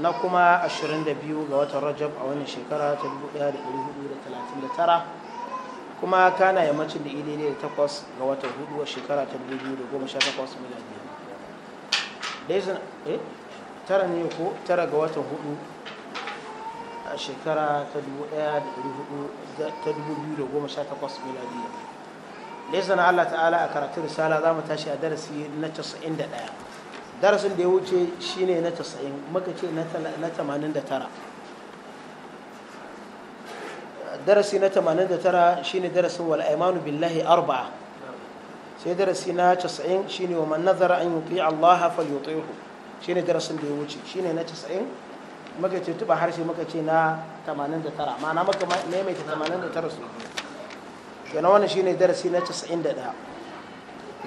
na kuma 22 ga watan rajab a wannan shekara ta 1439 kuma kana yammacin da idai da takwas ga watan hudu a shekara ta 2018 miladiya daizin eh tara ne ko tara ga watan hudu a shekara ta allah ta'ala a karatun risala za mu tashi a darasi na 91 darasin da ya wuce shine na 90 maka ce na 89 darasi na 89 shine darasin wal aymanu billahi arba'a sai darasi na 90 shine wa man nazara an yuti Allah falyutihu shine darasin da ya wuce shine na 90 maka ce tuba harshe maka ce na 89 ma'ana maka maimaita 89 su kenan wannan shine darasi na 91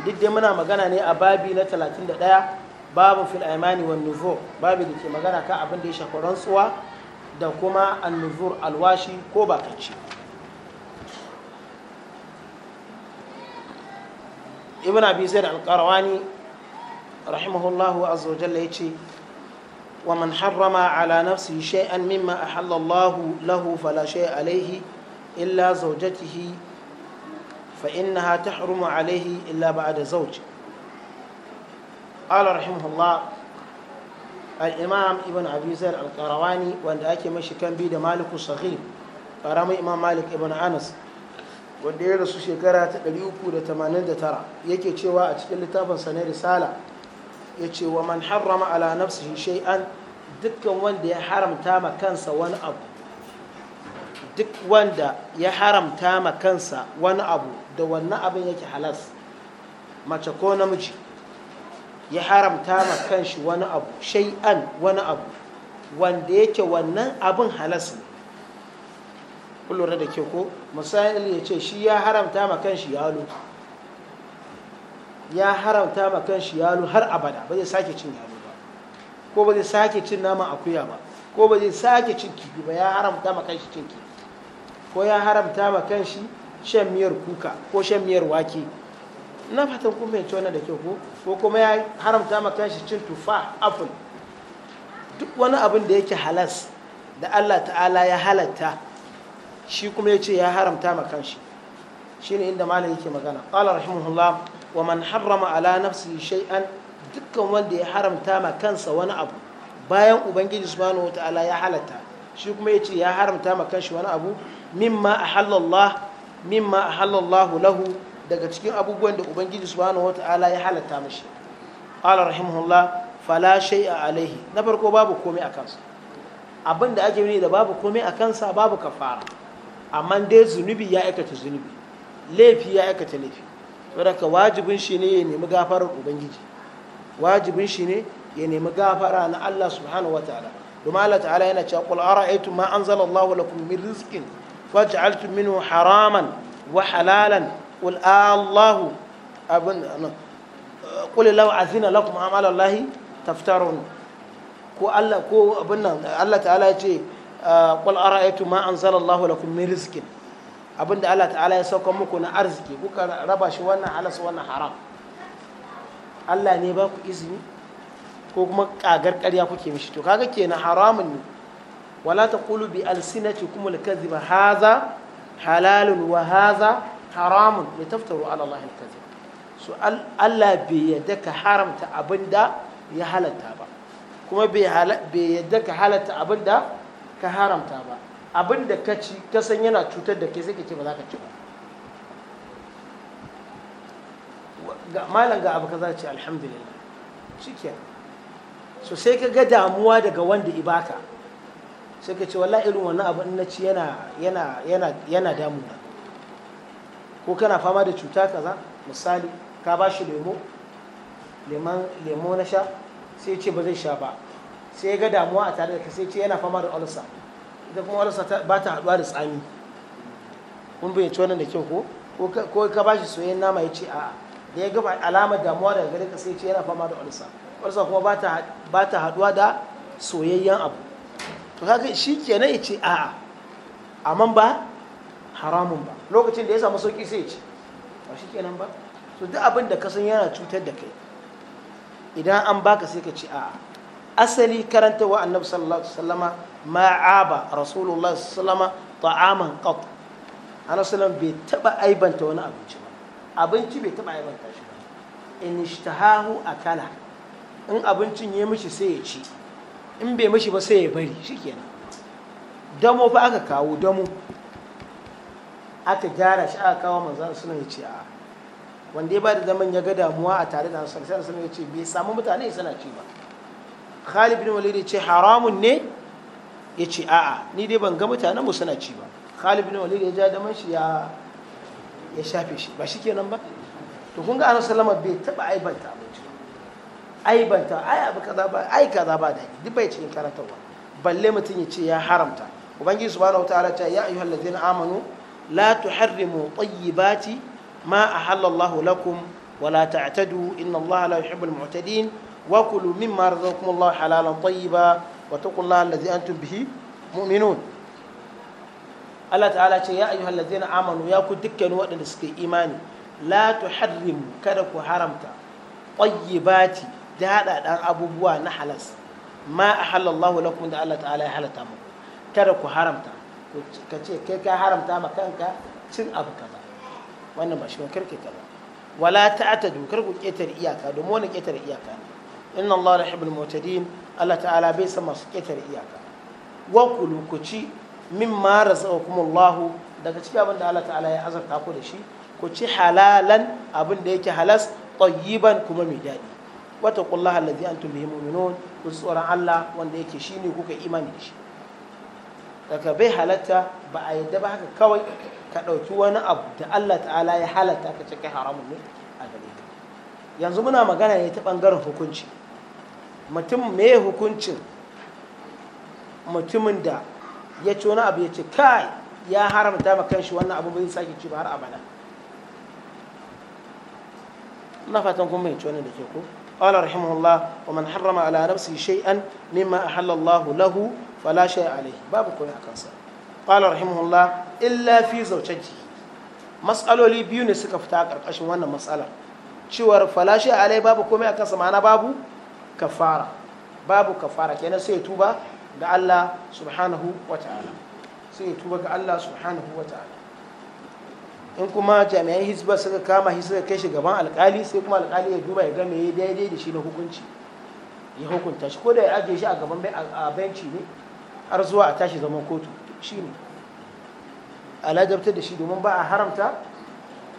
duk dai muna magana ne a babi na 31 babu fil aimani wan babu da ke magana kan abin da ya shafi rantsuwa da kuma an alwashi ko bakacci ibn abi zaid al-qarawani rahimahullahu azza wa jalla wa man harrama ala nafsi shay'an mimma ahalla Allah lahu fala shay'a alayhi illa zawjatihi fa innaha tahrumu alaihi illa ba'da zawjihi قال رحمه الله الإمام ابن أبي زر القرواني وأن أكي مشي كان بيد مالك الصغير قرامي إمام مالك ابن أنس wanda ya rasu shekara ta 389 yake cewa a cikin littafinsa na risala ya ce wa man harrama ala nafsihi shay'an dukkan wanda ya haramta ma kansa wani abu duk wanda ya haramta ma kansa wani abu da wannan abin yake halas mace ko namiji ya haramta ma kanshi wani abu shay'an wani abu wanda yake wannan abin halas ne kullum da ke ko misali ya ce shi ya haramta ma kanshi yalo ya haramta ma kanshi yalo har abada ba zai sake cin yalo ba ko ba zai sake cin naman akuya ba ko ba zai sake cin kifi ba ya haramta ma kanshi cin kifi ko ya haramta ma kanshi shan miyar kuka ko shan miyar wake na fatan kun fahimci wannan da kyau ko ko kuma ya haramta ma kanshi cin tufa apple duk wani abin da yake halas da Allah ta'ala ya halatta shi kuma ya ce ya haramta ma kanshi shine inda malam yake magana qala rahimahullah wa man harrama ala nafsi shay'an dukkan wanda ya haramta ma kansa wani abu bayan ubangiji subhanahu wataala ya halatta shi kuma ya ce ya haramta ma kanshi wani abu mimma ahallallah mimma ahallallahu lahu daga cikin abubuwan da ubangiji subhanahu wata'ala ya halatta mashi qala rahimahullah fala a alaihi na farko babu komai a kansa abin da ake nuni da babu komai a kansa babu kafara amma dai zunubi ya aikata zunubi laifi ya aikata laifi saboda wajibin shi ne ya nemi gafarar ubangiji wajibin shi ne ya nemi gafara na Allah subhanahu wataala domin Allah ta'ala yana cewa qul ara'aytum ma anzala Allahu lakum min rizqin faj'altum minhu haraman wa halalan qul allahu abin qul law azina lakum amala allahi taftarun ko Allah ko abin nan Allah ta'ala ya ce qul ara'aytum ma anzala allahu lakum min rizqin abinda Allah ta'ala ya sauka muku na arziki kuka raba shi wannan halas wannan haram Allah ne ba ku izini ko kuma kagar karya kuke mishi to kaga kenan haramun ne wala taqulu bi alsinatikum alkadhiba hadha halalun wa haza. haramun لتفتروا على ala الكذب kazi su Allah bai yadda ka haramta abin كما ya halatta ba kuma bai yadda ka halatta ka haramta ba ka ci yana cutar da ke sai ce ba ci ba malam ga abu kaza ce alhamdulillah so sai ka ga damuwa daga wanda ibaka sai ka ce wallahi irin wannan abu na ci yana yana yana yana damuna ko kana fama da cuta kaza misali ka ba shi lemo lemo na sha sai ce ba zai sha ba sai ya ga damuwa a tare da ka sai ce yana fama da ulsa ita kuma ulcer ba ta haɗuwa da tsami kun ci wannan da kyau ko ko ka ba shi soyayyen nama ya ce a'a da ya ga alamar damuwa daga gare ka sai ce yana fama da ulsa ulsa kuma ba ta haɗuwa da soyayyen abu to kaga shi kenan ya ce a'a amma ba haramun ba lokacin da ya samu sauki sai ya ci ba shi kenan ba so duk abin da ka san yana cutar da kai idan an baka sai ka ci a'a asali wa annabi sallallahu alaihi ma ma'aba rasulullahi sallallahu alaihi wasallam ta'aman qat annabi sallallahu bai taba aibanta wani abinci ba abinci bai taba aibanta shi ba in ishtahahu akala in abincin ya mishi sai ya ci in bai mishi ba sai ya bari shikenan damo fa aka kawo damo aka gyara shi aka kawo manzan suna ya ce a wanda ya ba da zaman ya ga damuwa a tare da hasan suna ya ce bai samu mutane suna ci ba khalid bin walid ya ce haramun ne ya ce a'a ni dai ban ga mutanen mu suna ci ba khalid bin walid ya ja daman shi ya ya shafe shi ba shikenan ba to kun ga annabi salama bai taba aibanta abinci aibanta ai abu kaza ba ai kaza ba dai duk bai cikin karantarwa balle mutum ya ce ya haramta ubangiji subhanahu wataala ta ya ayyuhallazina amanu la tuharrimu tayyibati ma ahalla Allahu lakum wa la ta'tadu inna Allaha la yuhibbul mu'tadin wa kulu mimma razaqakum Allah halalan tayyiba wa taqullaha allazi antum bihi mu'minun Allah ta'ala ce ya ayyuhal ladzina amanu ya ku dukkanin waɗanda suka yi imani la tuharrimu kada ku haramta tayyibati daɗaɗan abubuwa na halas ma ahallallahu lakum da Allah ta'ala ya halatta kada ku haramta ka ce kai ka haramta ma kanka cin abu kaza wannan ba shi wani karke kaza wala ta'atadu kar ku ketar iyaka domin wani ketar iyaka ne inna Allah rahibul mu'tadin Allah ta'ala bai san masu ketar iyaka wa kulu ku ci min ma razaqakum Allah daga cikin abin da Allah ta'ala ya azarta ku da shi ku ci halalan abin da yake halas tayyiban kuma mai daɗi wata kullaha allazi antum bihi mu'minun ku tsoron Allah wanda yake shine kuka imani da shi daga bai halatta ba a yadda ba haka kawai ka ɗauki wani abu da Allah ta'ala ya halatta ka cikin haramun ne a gare ka yanzu muna magana ne ta ɓangaren hukunci mutum me hukuncin mutumin da ya ci wani abu ya ce kai ya haramta ma shi wannan abu bai sake ci ba har abada ina fatan kun mai wannan da ke ko قال رحمه الله ومن حرم على نفسه شيئا مما أحل الله له fala alai babu komai akan sa qala rahimahullah illa fi zawjaji Matsaloli biyu ne suka fita a ƙarƙashin wannan matsalar cewar fala alai babu komai a kansa ma'ana babu ka fara. babu ka fara kenan sai tuba ga Allah subhanahu wa ta'ala sai ya tuba ga Allah subhanahu wa ta'ala in kuma jami'an hizba suka kama shi suka kai shi gaban alkali sai kuma alkali ya duba ya ga me daidai da shi na hukunci ya hukunta shi ko da ya ajiye shi a gaban benci ne har zuwa a tashi zaman kotu shi ne alajabtar da shi domin ba a haramta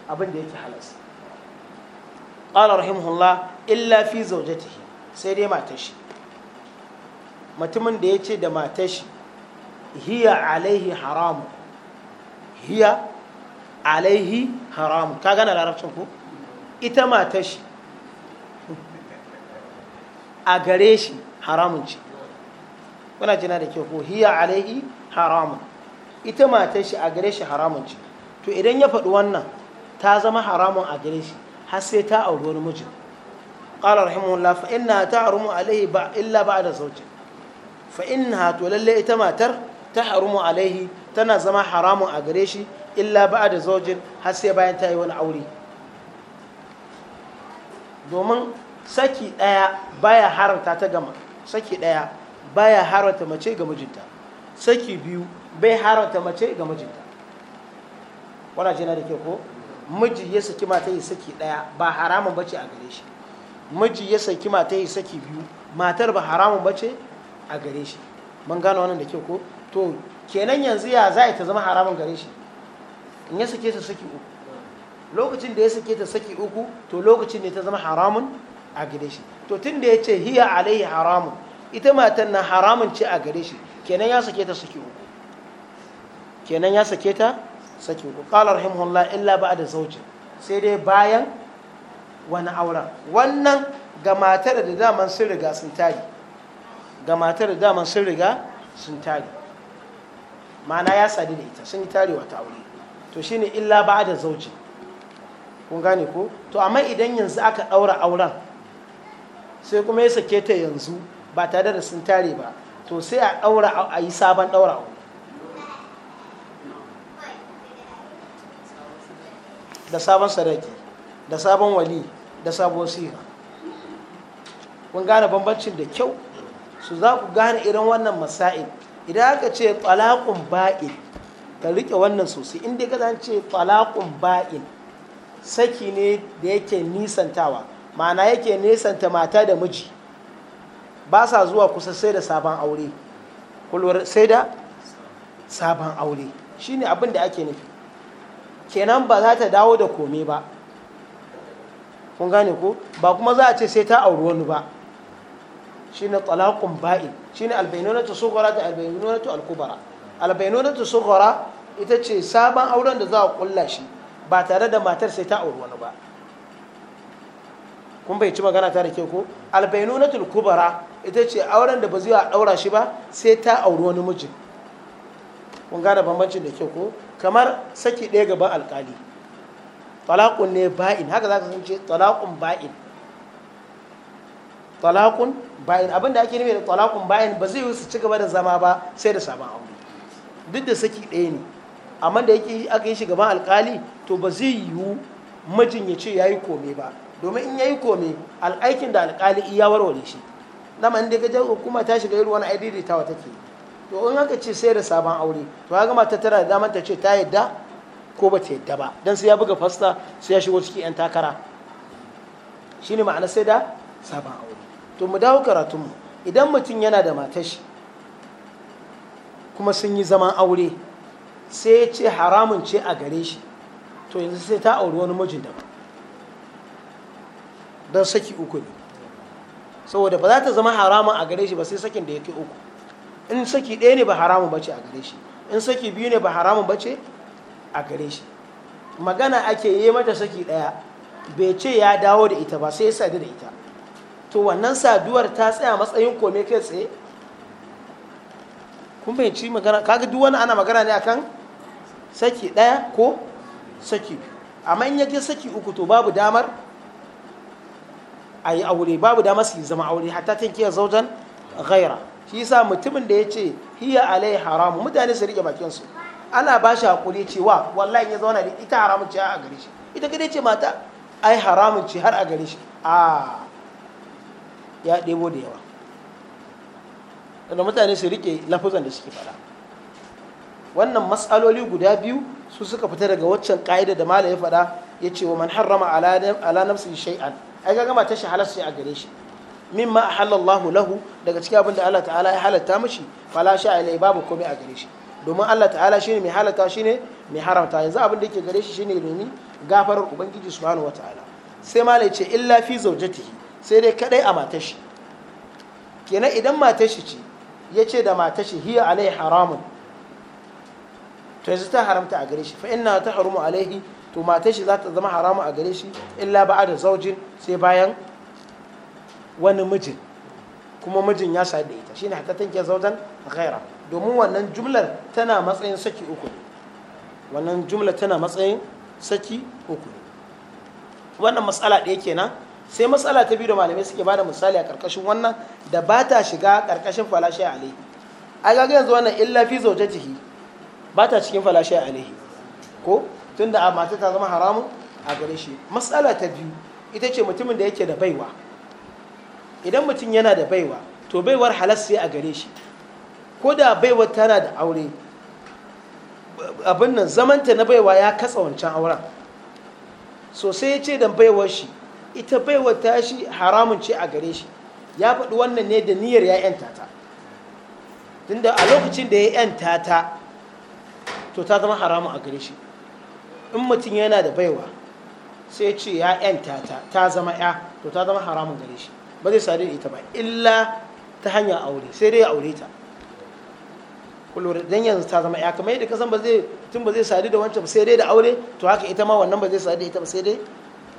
abin da yake halas ƙala rahimahullah illa fi zaujatihi sai dai matar shi mutumin da ya ce da matar shi hiya alaihi haramu hiya alaihi haramu ka gana larabcin ku ita matar shi a gare shi haramun ce Wana jina da ke ko hiya alaihi haramun ita matar shi a gare shi haramun ce to idan ya faɗi wannan ta zama haramun a gare shi har sai ta auri wani mijin qala rahimahullah fa inna ta'rumu alaihi ba illa ba'da zawji fa inna to lalle ita matar ta mu alaihi tana zama haramun a gare shi illa ba'da zawjin har sai bayan ta yi wani aure domin saki daya baya haramta ta gama saki daya baya harata mace ga mijinta saki biyu bai harata mace ga mijinta wana jina da ke ko miji ya saki mata yi saki daya ba haramun bace a gare shi miji ya saki mata yi saki biyu matar ba haramun bace a gare shi mun gano wannan da ke ko to kenan yanzu ya za ta zama haramun gare shi in ya sake ta saki uku lokacin da ya sake ta saki uku to lokacin ne ta zama haramun a gare shi to tun da ya ce hiya alaihi haramun ita matan na haramun ce a gare shi kenan ya sake ta sake uku kenan ya sake ta sake uku qala rahimahullah illa ba'da zawjin sai dai bayan wani auren wannan ga matar da daman sun riga sun tari ga matar da daman sun riga sun tari ma'ana ya sadu da ita sun yi tarewa ta aure to shine illa ba'da zawjin kun gane ko to amma idan yanzu aka daura auren sai kuma ya sake ta yanzu ba tare da sun tare ba to sai a ɗaura a yi sabon ɗaura da sabon sadaki da sabon wali da sabon siya kun gane bambancin da kyau su za ku gane irin wannan masa'il idan aka ce talaqun ba'in ka rike wannan sosai in dai ka ce talaqun ba'in saki ne da yake nisantawa ma'ana yake nisanta mata da miji ba sa zuwa kusa sai da sabon aure kulwar sai da sabon aure shine abin da ake nufi kenan ba za ta dawo da kome ba kun gane ko ba kuma za a ce sai ta auri wani ba shine talaqun ba'in shine albainunatu sughra da albainunatu alkubara albainunatu sughra ita ce sabon auren da za a kulla shi ba tare da matar sai ta auri wani ba kun bai ci magana ta da ke ko albainunatu alkubara ita ce auren da ba zai a ɗaura shi ba sai ta auri wani mijin kun gane bambancin da kyau ko kamar saki ɗaya gaban alkali talakun ne ba'in haka za ka sun ce talakun ba'in talakun ba'in abin da ake nufi da talakun ba'in ba zai yi su ci gaba da zama ba sai da sabon aure duk da saki ɗaya ne amma da yake aka yi shi gaban alkali to ba zai yiwu mijin ya ce ya yi kome ba domin in ya yi kome al'aikin da alkali iya warware shi dama inda ka hukuma ta shiga irin wani wata take to in aka ce sai da sabon aure to ya gama ta tara da ta ce ta yadda ko ba ta yadda ba dan sai ya buga fasta sai ya shigo ciki yan takara shine ma'ana sai da sabon aure to mu dawo mu idan mutum yana da matashi kuma sun yi zaman aure sai ya ce haramun ce a gare shi to yanzu sai ta auri wani mijin daban don saki uku ne saboda ba za ta zama haramun a gare shi ba sai sakin da yake uku in saki ɗaya ne ba haramun bace a gare shi in saki biyu ne ba haramun bace a gare shi magana ake yi mata saki ɗaya bai ce ya dawo da ita ba sai ya sadu da ita to wannan saduwar ta tsaya matsayin kome kai tsaye kun ci magana kaga duk wani ana magana ne akan saki ɗaya ko saki biyu amma in yake saki uku to babu damar a yi aure babu dama su zama aure hatta ta kiyar zaujan ghaira shi yasa mutumin da ya ce hiya alai haramu mutane su rike bakin su ana ba shi hakuri cewa wallahi ya zauna da ita haramun ce a gare shi ita kadai ce mata ai haramun ce har a gare shi a ah, ya ɗebo da yawa da mutane su rike lafazan da suke faɗa wannan matsaloli guda biyu su suka fita daga waccan ƙa'ida da mala ya faɗa ya ce wa man harrama ala nafsi shay'an ai ga gama ta shahalar sai a gare shi mimma ahallallahu lahu daga cikin abin da Allah ta'ala ya halatta mishi fala sha alai babu komai a gare shi domin Allah ta'ala shine mai halatta shine mai haramta yanzu abin da yake gare shi shine domin gafarar ubangiji subhanahu wataala sai malai ce illa fi zawjatihi sai dai kadai a matar shi kenan idan matar shi ce yace da matar shi hiya alai haramun to yanzu ta haramta a gare shi fa inna harumu alaihi to matar shi za ta zama haramu a gare shi illa ba da zaujin sai bayan wani mijin kuma mijin ya sa da ita ne hatattun ke zaujan ghaira domin wannan jumlar tana matsayin saki uku ne wannan jumla tana matsayin saki uku ne wannan matsala ɗaya kenan sai matsala ta biyu da malamai suke bada misali a ƙarƙashin wannan da ba ta shiga ƙarƙashin a alaihi a ga yanzu wannan illa fi zaujatihi ba ta cikin a alaihi ko tunda a mata ta zama haramun a gare shi matsala ta biyu ita ce mutumin da yake da baiwa idan mutum yana da baiwa to baiwar halas sai a gare shi ko da baiwar tana da aure abin nan zamanta na baiwa ya katsa wancan auren sosai ya ce da baiwar shi ita baiwar ta shi haramun ce a gare shi ya faɗi wannan ne da niyyar ya yanta ta tunda a lokacin da ya yanta ta to ta zama haramun a gare shi in mutum yana da baiwa sai ce ya yanta ta ta zama ya to ta zama haramun gare shi ba zai sadu da ita ba illa ta hanyar aure sai dai ya aure ta kullum dan yanzu ta zama ya kamar yadda kasan ba zai tun ba zai sadu da wancan sai dai da aure to haka ita ma wannan ba zai sadu da ita ba sai dai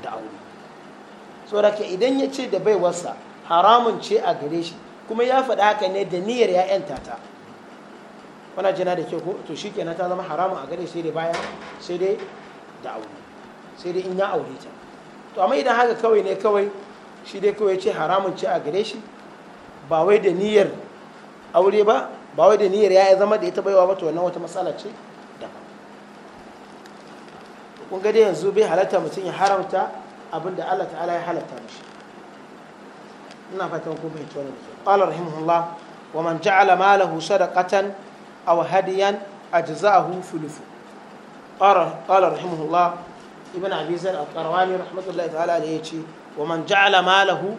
da aure So ke idan ya ce da baiwarsa haramun ce a gare shi kuma ya faɗa haka ne da niyyar ya yanta ta wannan jina da kyau ko to kenan ta zama haramun a gare shi dai bayan sai dai da aure sai dai in ya aure ta to amma idan haka kawai ne kawai shi dai kawai ce haramun ce a gare shi ba wai da niyyar aure ba ba wai da niyyar ya zama da ita baiwa ba to wannan wata matsala ce daban kun ga dai yanzu bai halatta mutum ya haramta abin da Allah ta'ala ya halatta mishi ina fatan ku bai tona da qala rahimahullah wa man ja'ala malahu sadaqatan aw hadiyan ajza'ahu fulufu قال رحمه الله ابن أبي زر القرواني رحمة الله تعالى عليه wa man ja'ala malahu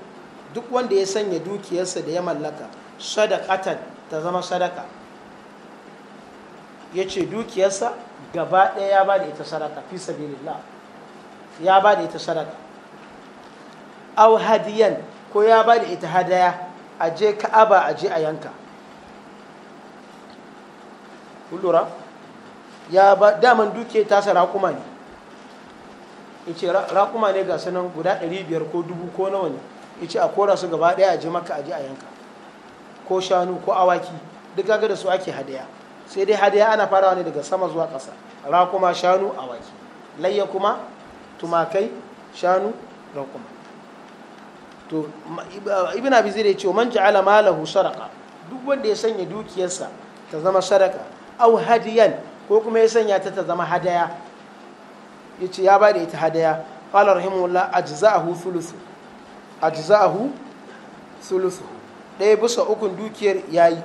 duk wanda ya sanya dukiyarsa da ya mallaka sadaqatan ta zama sadaka ya ce dukiyarsa gaba ɗaya ya ba da ita sadaka fi sabilillah ya ba da ita sadaka aw hadiyan ko ya ba da ita hadaya aje ka'aba aje a yanka kullura ya ba daman duke tasa rakuma ne in ce rakuma ne ga sanan guda 500 ko dubu ko nawa ne in ce a kora su gaba ɗaya a ji maka a a yanka ko shanu ko awaki duk kaga da su ake hadaya sai dai hadaya ana farawa ne daga sama zuwa ƙasa rakuma shanu awaki layya kuma tumakai shanu rakuma to ibn abi zai ce man ja'ala malahu sadaqa duk wanda ya sanya dukiyarsa ta zama sadaka aw hadiyan ko kuma ya sanya ta ta zama hadaya ya ce ya ba da ita hadaya ƙala rahimullah ajza'ahu a ajza'ahu sulusu ɗaya bisa ukun dukiyar ya yi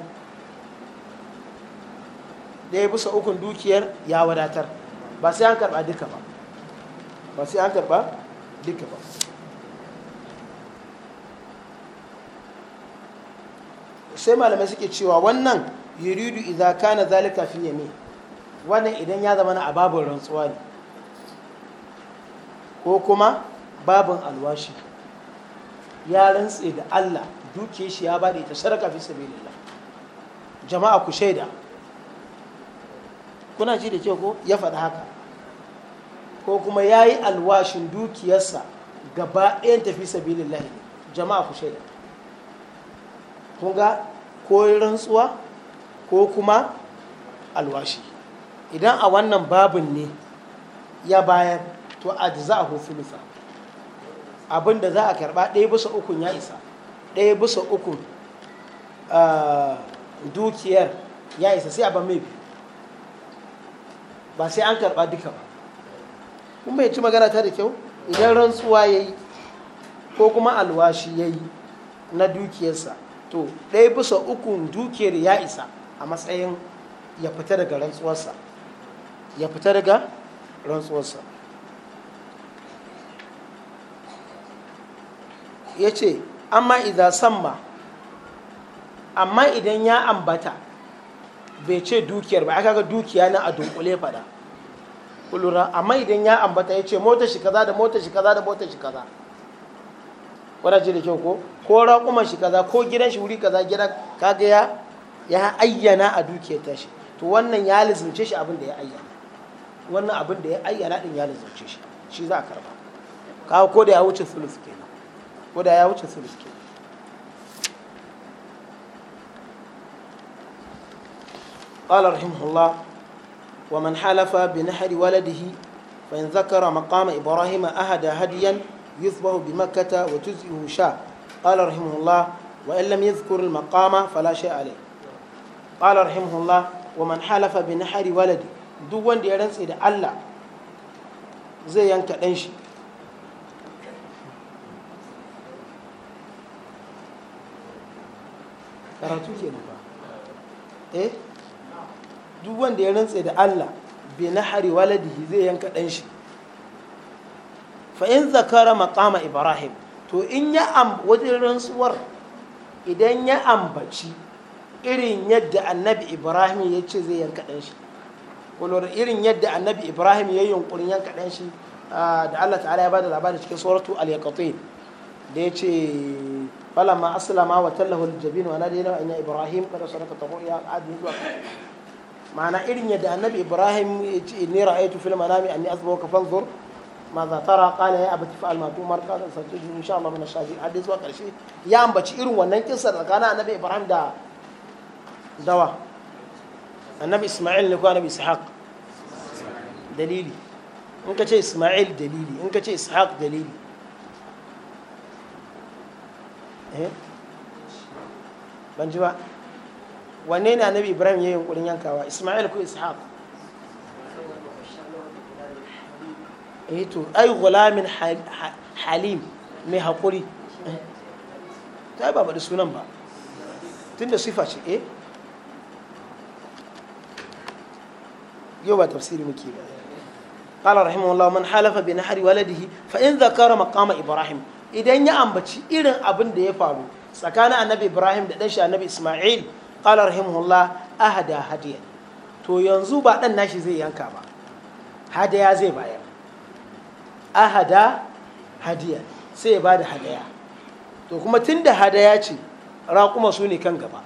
ɗaya bisa ukun dukiyar ya wadatar ba sai an karɓa duka ba ba sai an karɓa duka ba sai malamai suke cewa wannan yuridu idza kana zalika fi yamin wannan idan ya zama na a babin rantsuwa ne ko kuma babin alwashi ya rantse da Allah duke shi ya bada ita sarka fi sabilillah jama'a ku shaida kuna ji da ke ko ya faɗi haka ko kuma ya yi alwashin dukiyarsa gaba ɗayan tafi sabilillahi jama'a ku shaida kun ga ko rantsuwa ko kuma alwashi idan a wannan babin ne ya bayar to a za a hufulufa abin da za a karba ɗaya bisa ukun ya isa ɗaya bisa ukun dukiyar ya isa sai a ban mai ba sai an karba duka ba kun bai ci magana ta da kyau idan rantsuwa ya yi ko kuma alwashi ya yi na dukiyarsa to ɗaya bisa ukun dukiyar ya isa a matsayin ya fita daga rantsuwarsa ya fita daga rantsuwarsa ya ce amma idan samma amma idan ya ambata bai ce dukiyar ba aka ga dukiya na a dunkule fada kulura amma idan ya ambata ya ce mota shi kaza da mota shi kaza da mota shi kaza ce da kyau ko ko raƙuman shi kaza ko gidan shi wuri kaza gidan kaga ya ayyana a dukiyar tashi to wannan ya lizince shi abin da ya ayyana wannan abin da ya ayyana din ya lazumce shi shi za a karba kawo ko da ya wuce sulus kenan ko da ya wuce sulus kenan قال رحمه الله ومن حلف بنحر ولده فإن ذكر مقام إبراهيم أهدى هديا يذبح بمكة وتزئه شاة قال رحمه الله وإن لم يذكر المقام فلا شيء عليه قال رحمه الله ومن حلف بنحر ولده duk wanda ya rantse da Allah zai yanka ɗan shi karatu ke nufa eh duk wanda ya rantse da Allah bi hari waladihi zai yanka ɗan shi fa’in zakara maqama ibrahim to in ya am wajen rantsuwar idan ya ambaci irin yadda annabi ibrahim ya ce zai yanka ɗan shi kulur irin yadda annabi ibrahim ya yi yunkurin yanka ɗan shi ah, da allah ta'ala ya bada labarin cikin tsoratu al-yaqatin da ya ce falamma asalama wa tallahu al-jabin wa nadaina an ya ibrahim kada sadaka ta ru'ya adin zuwa ma'ana irin yadda annabi ibrahim ya ce inni ra'aytu fil manami anni azbahuka fanzur ماذا ترى قال يا ابتي فعل ما تؤمر قال ستجد ان شاء الله من الشاكرين har dai zuwa karshe ya ambaci irin wannan kissa tsakanin annabi ibrahim da dawa annabi isma'il ne ko annabi ishaq dalili in ka ce isma'il dalili in ka ce ishaq dalili eh? ban ji ba wanne ne annabi ibrahim ya yi yankawa isma'il ko ishaq eh ai gulamin halim mai haƙuri eh? ta ba sunan ba tun da sifa ce eh yau ba tafsiri muke ba قال رحمه الله من حلف بنحر ولده فإن ذكر مقام ibrahim idan ya ambaci irin abin da ya faru tsakanin annabi ibrahim da ɗanshi annabi ismail ƙalar himullah ahada hadiya to yanzu ba ɗan nashi zai yanka ba hadaya zai baya ahada hadiya sai ya ba da to kuma tun da hadaya ce raƙuma su ne kan gaba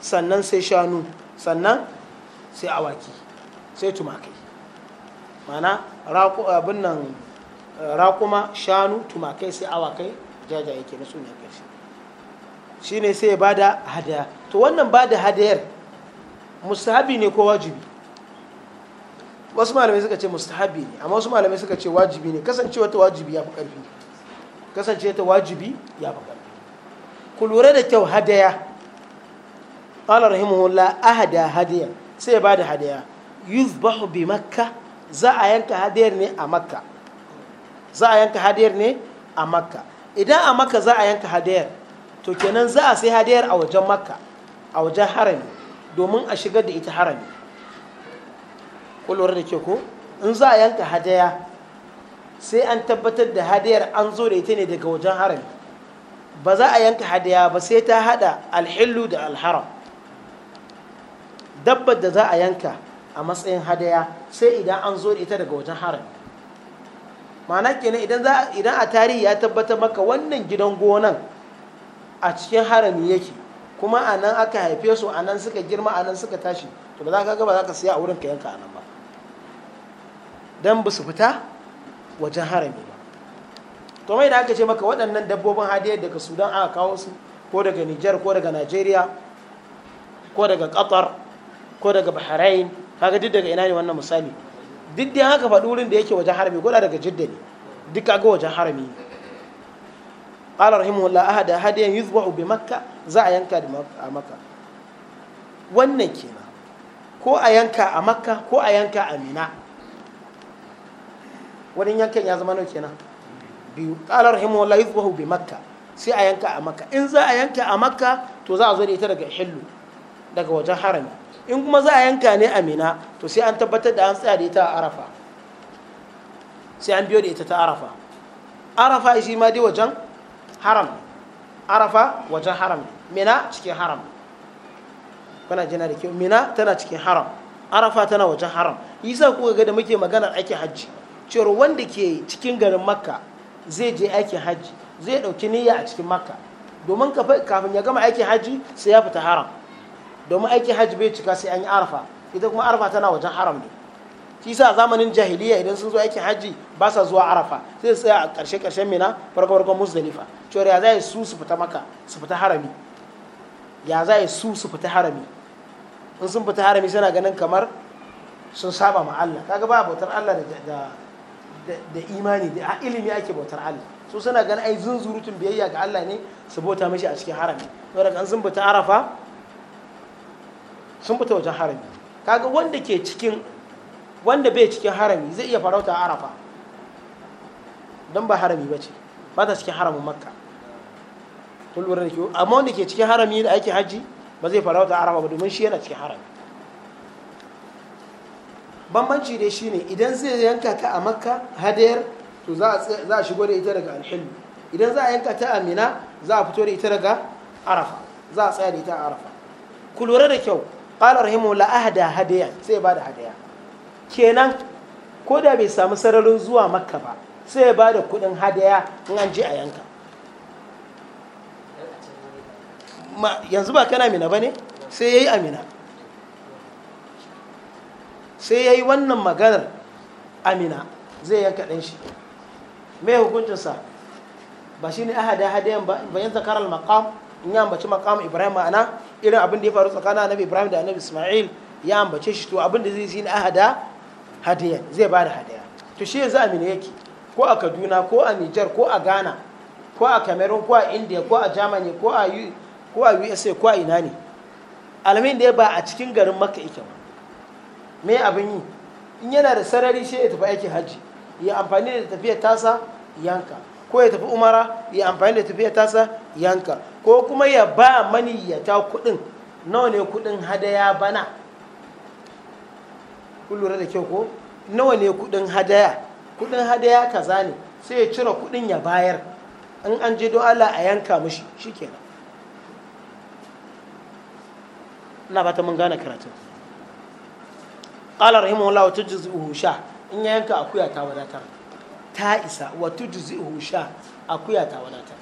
sannan sai shanu sannan sai awaki sai tumakai mana abin nan raƙuma shanu tumakai sai awakai jajaye ke na suna karshe shi ne sai ba da hadaya to wannan ba da hadayar mustahabi ne ko wajibi wasu malamai suka ce mustahabi ne amma wasu malamai suka ce wajibi ne kasance wata wajibi ya fi ƙarfi kasance wata wajibi ya fi ƙarfi ku lura da kyau hadaya قال رحمه الله hadayar. sai ba da hadaya bahu bi makka za a yanka hadayar ne a makka za a yanka hadayar ne a makka idan a makka za a yanka hadayar to kenan za a sai hadayar a wajen makka a wajen harami domin a shigar da ita harami kulwar da ke ko in za a yanka hadaya sai an tabbatar da hadayar an zo da ita ne daga wajen harami ba za a yanka hadaya ba sai ta hada alhillu da alharam dabbar da za a yanka a matsayin hadaya sai idan an zo ita daga wajen harami ma'ana kenan idan idan a tarihi ya tabbatar maka wannan gidan gonan a cikin harami yake kuma a nan aka haife su a nan suka girma a nan suka tashi to ba za ka gaba za ka siya a wurin ka yanka a nan ba don ba su fita wajen harami ba to mai da aka ce maka waɗannan dabbobin hadiyar daga sudan aka kawo su ko daga nijar ko daga najeriya ko daga qatar ko daga bahrain kaga duk daga ina ne wannan misali duk da haka faɗi wurin da yake wajen harami ko daga jidda ne duk kaga wajen harami قال رحمه الله أحد أحد يذبح makka za a yanka a makka wannan kenan ko a yanka a makka ko a yanka a mina wani yankan ya zama nau kenan biyu ƙalar rahimu wallahi zuwa bi makka sai a yanka a makka in za a yanka a makka to za a zo da ita daga hillu daga wajen harami in kuma za a yanka ne a mina to sai an tabbatar da an tsaya da ita a arafa sai an biyo da ita ta arafa arafa shi ma dai wajen haram arafa wajen haram mina cikin haram kuna jina da kyau mina tana cikin haram arafa tana wajen haram yasa kuka ga da muke maganar aikin hajji cewar wanda ke cikin garin makka zai je aikin hajji zai ɗauki niyya a cikin makka domin kafin ya gama aikin hajji sai ya fita haram domin aiki hajji bai cika sai an yi arfa ita kuma arfa tana wajen haram ne shi sa zamanin jahiliya idan sun zo aikin hajji ba sa zuwa arafa sai su tsaya a ƙarshe ƙarshen mina farko farko musdalifa cewar ya za su su fita maka su fita harami ya za su su fita harami in sun fita harami suna ganin kamar sun saba ma Allah kaga ba bautar Allah da imani da ilimi ake bautar Allah su suna ganin ai zunzurutun biyayya ga Allah ne su bauta mishi a cikin harami saboda an sun fita arafa sun fita wajen harami kaga wanda ke cikin wanda bai cikin harami zai iya farauta a arafa don ba harami ba ce ba ta cikin haramin makka tulwar da ke amma wanda ke cikin harami da ake hajji ba zai farauta a arafa ba domin shi yana cikin harami bambanci dai shine idan zai yanka ta a makka hadayar to za a shigo da ita daga alhillu idan za a yanka ta a mina za a fito da ita daga arafa za a tsaya da ita a arafa ku lura da kyau qala rahimu la ahda hadiyan sai ba da hadaya kenan ko da bai samu sararin zuwa makka ba sai ba da kudin hadaya in an je a yanka yanzu ba kana mina ba ne sai ya yi amina sai ya yi wannan maganar amina zai yanka ɗan shi mai hukuncinsa ba shi ne ahada hadayan ba bayan zakarar makam in yi ambaci makam ibrahim ma'ana irin abin da ya faru tsakanin annabi ibrahim da annabi isma'il ya ambace shi to abin da zai yi a ahada hadiyan zai ba da hadaya to shi yanzu a mine yake ko a kaduna ko a niger ko a ghana ko a cameroon ko a india ko a germany ko a usa ko a ina ne alamin da ya ba a cikin garin maka yake ba me abin yi in yana da sarari shi ya tafi aiki haji ya amfani da tafiyar tasa yanka ko ya tafi umara ya amfani da tafiya tasa yanka ko kuma ya ba maniyyata kuɗin nawa ne kuɗin hadaya bana kun lura da kyau ko nawa ne kuɗin hadaya kuɗin hadaya kaza ne sai ya cire kuɗin ya bayar in an je don Allah a yanka mishi shikenan ina ba ta mun gane karatun qala rahimahullah tujzi'uhu sha in ya yanka akuya ta wadatar ta isa wa tujzi'uhu sha akuya ta wadatar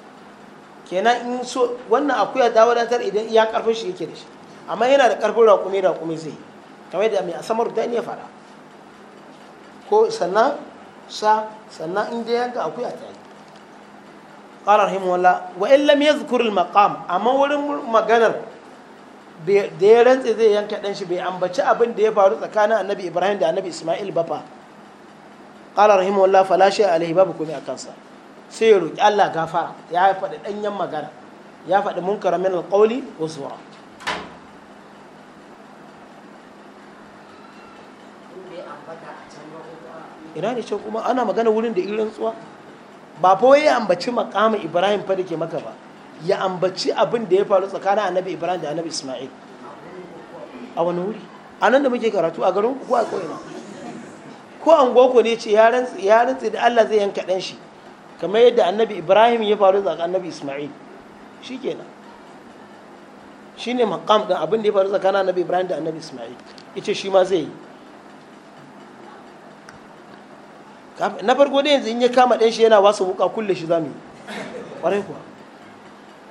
kenan in so wannan akuya ta wadatar idan iya karfin shi yake da shi amma yana da karfin raƙumi raƙumi zai kamar da mai asamar da ya fara ko sannan sa sannan in dai yanka akuya ta yi قال رحمه الله وإن لم يذكر المقام amma wurin maganar. da ya rantse zai yanka ɗan shi bai ambaci abin da ya faru tsakanin annabi ibrahim da annabi ismail ba fa ƙala fala shi alaihi babu komai a kansa sai ya roƙi Allah gafara ya faɗi ɗanyen magana ya faɗi mun min alƙauli wa tsoron ina ne ce kuma ana magana wurin da irin tsuwa ba fa ya ambaci makamin Ibrahim fa ke maka ba ya ambaci abin da ya faru tsakanin annabi Ibrahim da annabi Ismail a wani wuri a nan da muke karatu a garin ko a ko'ina ko an goko ne ce ya rantsi da Allah zai yanka ɗan shi kamar yadda annabi ibrahim ya faru da annabi isma'il shi kenan shi ne makam ɗin abin da ya faru tsakanin annabi ibrahim da annabi isma'il ita shi ma zai yi na farko da yanzu in ya kama ɗan shi yana wasu wuka kulle shi za mu yi ƙwarai kuwa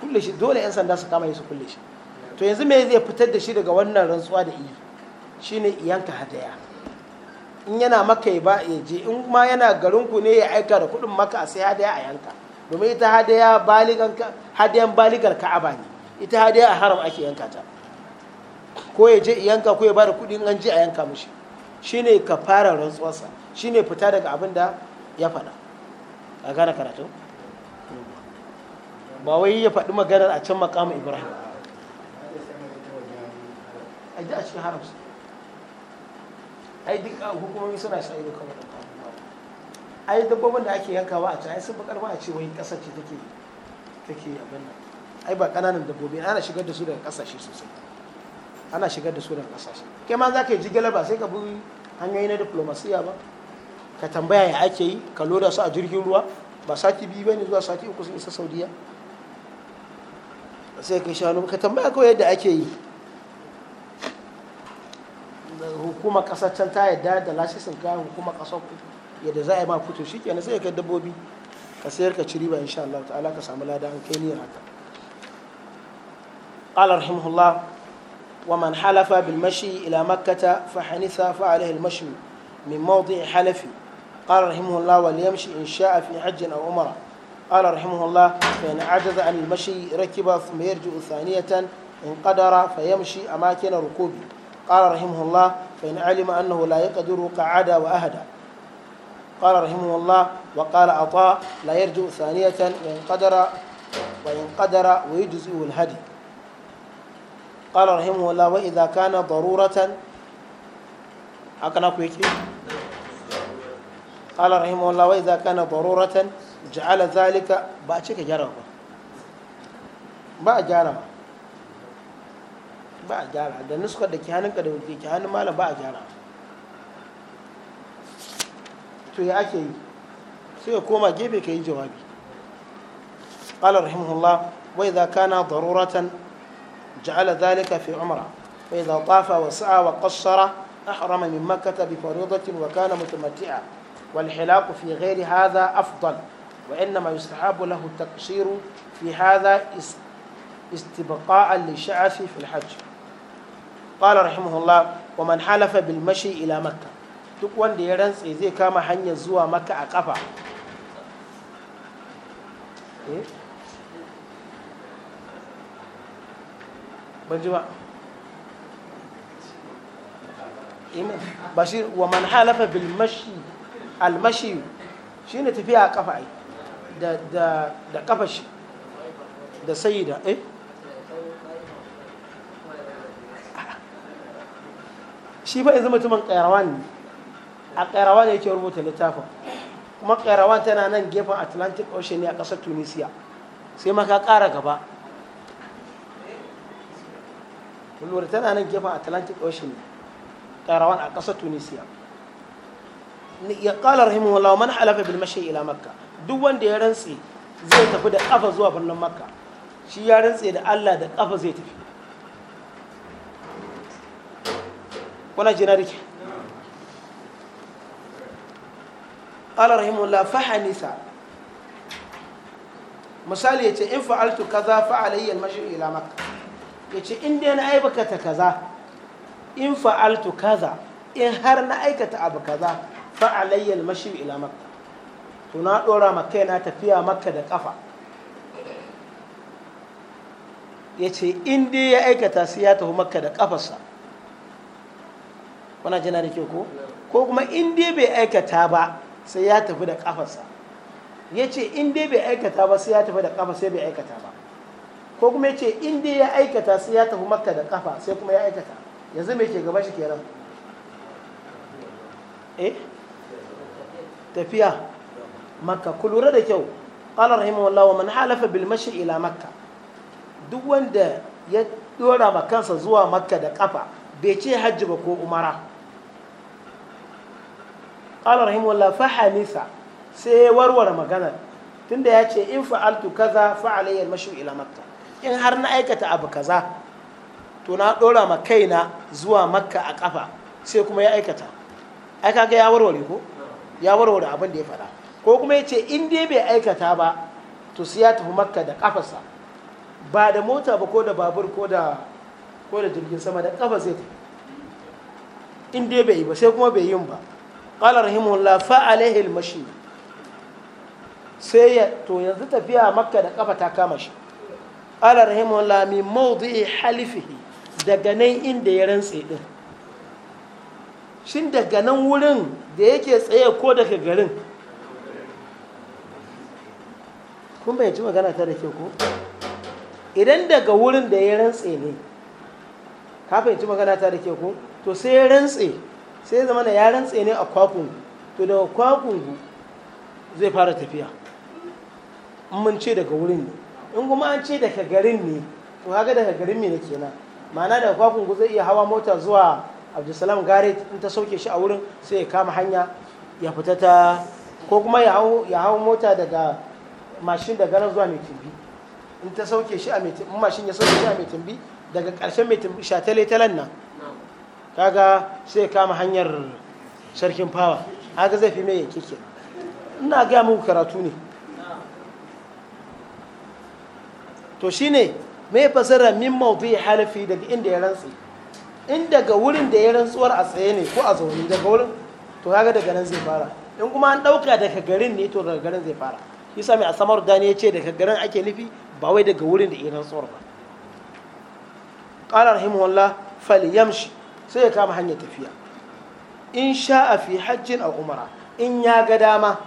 kulle shi dole 'yan sanda su kama yi su kulle shi to yanzu me zai fitar da shi daga wannan rantsuwa da shi shine iyanka hadaya in yana maka ya ba ya je in ma yana garinku ne ya aika da kuɗin maka a sai hadaya a yanka domin ita hadaya baligan hadayan baligar ka'aba ne ita hadaya a haram ake yanka ta ko ya je yanka ko ya ba da an je a yanka mishi shine ka fara rantsuwarsa shine fita daga abin da ya faɗa a gane karatu ba wai ya faɗi maganar a can makamu ibrahim a ji a cikin haramsa ai duk ah, hukumomi suna sa ido kawai waɗannan abubuwa ai dabbobin da ake yankawa a can sun bakar karfin a ce wai ƙasar ce take take abin nan ai ba ƙananan dabbobi ana shigar da su daga ƙasashe sosai ana shigar da su daga ƙasashe kai ma za ka yi jigilar ba sai ka bi hanyoyi na diplomasiya ba ka tambaya ya ake yi ka loda su a jirgin ruwa ba sati biyu bane zuwa sati uku sun isa saudiya sai ka shanu ka tambaya kawai yadda ake yi hukumar kasar can ta yadda da lasisin ka hukumar kasar ku yadda za a yi ma fito shi kenan sai ka dabbobi ka sayar ka ci riba insha Allah ta'ala ka samu lada an kai niyyar haka qala rahimahullah wa man halafa bil mashi ila makkah fa hanisa fa alayhi al mashi min mawdi' halafi qala rahimahullah wa yamshi in sha'a fi hajj aw umrah قال رحمه الله فإن عجز عن المشي ركب ثم يرجع ثانية إن قدر فيمشي أماكن ركوبه قال رحمه الله فإن علم أنه لا يقدر قعد وأهدى قال رحمه الله وقال عطاء لا يرجع ثانية وإن قدر وإن قدر ويجزئه الهدي قال رحمه الله وإذا كان ضرورة أكنا كويكي قال رحمه الله وإذا كان ضرورة جعل ذلك بأشك جربه بأ جربه ba a gyara da nuskar da da wuce malam ba a gyara to ya ake yi sai ya koma gefe ka yi jawabi قال رحمه الله وإذا كان ضرورة جعل ذلك في عمره وإذا طاف وسعى وقصر أحرم من مكة بفريضة وكان متمتعا والحلاق في غير هذا أفضل وإنما يستحب له التقصير في هذا استبقاء للشعث في الحج qala rahimahullah wa man halafa bil ila makka duk wanda ya rantse zai kama hanyar zuwa makka a kafa ban ji ba wa man halafa tafiya a kafa ai da kafa shi da eh shi fa yanzu mutumin kairawan ne a kairawan yake rubuta littafin kuma kairawan tana nan gefen atlantic ocean ne a ƙasar tunisia sai maka ƙara gaba lura tana nan gefen atlantic ocean ne kairawan a ƙasar tunisia ya ƙala rahimu wallahu man halafa bil mashi ila makka duk wanda ya rantse zai tafi da ƙafa zuwa birnin makka shi ya rantse da allah da ƙafa zai tafi kuna jina da ke ala rahimullah fahanisa misali yace in fa'altu kaza fa alayya al-mashy ila makka yace in dai na aibakata kaza in fa'altu kaza in har na aikata abu kaza fa alayya al-mashy ila makka to na dora maka na tafiya makka da kafa yace in dai ya aikata sai ya tafi makka da kafarsa wana jina da ke ko ko kuma in dai bai aikata ba sai ya tafi da kafarsa ya ce in dai bai aikata ba sai ya tafi da kafa sai bai aikata ba ko kuma ya ce in dai ya aikata sai ya tafi makka da kafa sai kuma ya aikata yanzu mai ke gaba shi kenan eh tafiya makka ku lura da kyau qala rahimahullah wa man halafa bil mashi ila makka duk wanda ya dora ma kansa zuwa makka da kafa bai ce hajji ba ko umara qala rahimahullah fa hamisa sai warware magana tunda ya ce in fa'altu kaza fa alayya al-mashu ila makka in har na aikata abu kaza to na ɗora ma kaina zuwa makka a ƙafa sai kuma ya aikata ai kaga ya warware ko ya warware abin da ya faɗa ko kuma ya ce in dai bai aikata ba to sai ya tafi makka da kafarsa ba da mota ba ko da babur ko da ko da jirgin sama da ƙafa zai tafi in dai bai yi ba sai kuma bai yin ba qala rahimahullah fa alaihi almashi sai to yanzu tafiya makka da ƙafa ta kama shi qala rahimahullah min mawdi'i halifihi daga nan inda ya rantse din shin daga nan wurin da yake tsaye ko daga garin kun bai ci magana ta da ke ku? idan daga wurin da ya rantse ne ka fahimci magana ta da ke ku to sai ya rantse sai zama na yaren tsene a kwakungu to daga kwakungu zai fara tafiya mun ce daga wurin ne in kuma an ce daga garin ne to haka daga garin ne na ma'ana daga kwakungu zai iya hawa mota zuwa abdulsalam garage in ta sauke shi a wurin sai ya kama hanya ya fita ta ko kuma ya hau mota daga mashin daga nan zuwa mai in ta sauke shi a mai tumbi mashin ya sauke shi a daga ƙarshen mai tumbi shatale talan nan kaga sai kama hanyar sarkin fawa haka zai fi mai yake ke ina gaya muku karatu ne to shine mai fasara min mawdi halafi daga inda ya rantsi in daga wurin da ya rantsuwar a tsaye ne ko a zaune daga wurin to kaga daga nan zai fara in kuma an dauka daga garin ne to daga garin zai fara yasa mai asamar ne ya ce daga garin ake nufi ba wai daga wurin da ya rantsuwar ba qala rahimahullah falyamshi sai ya kama hanyar tafiya in sha'a fi hajjin a umara in ya ga dama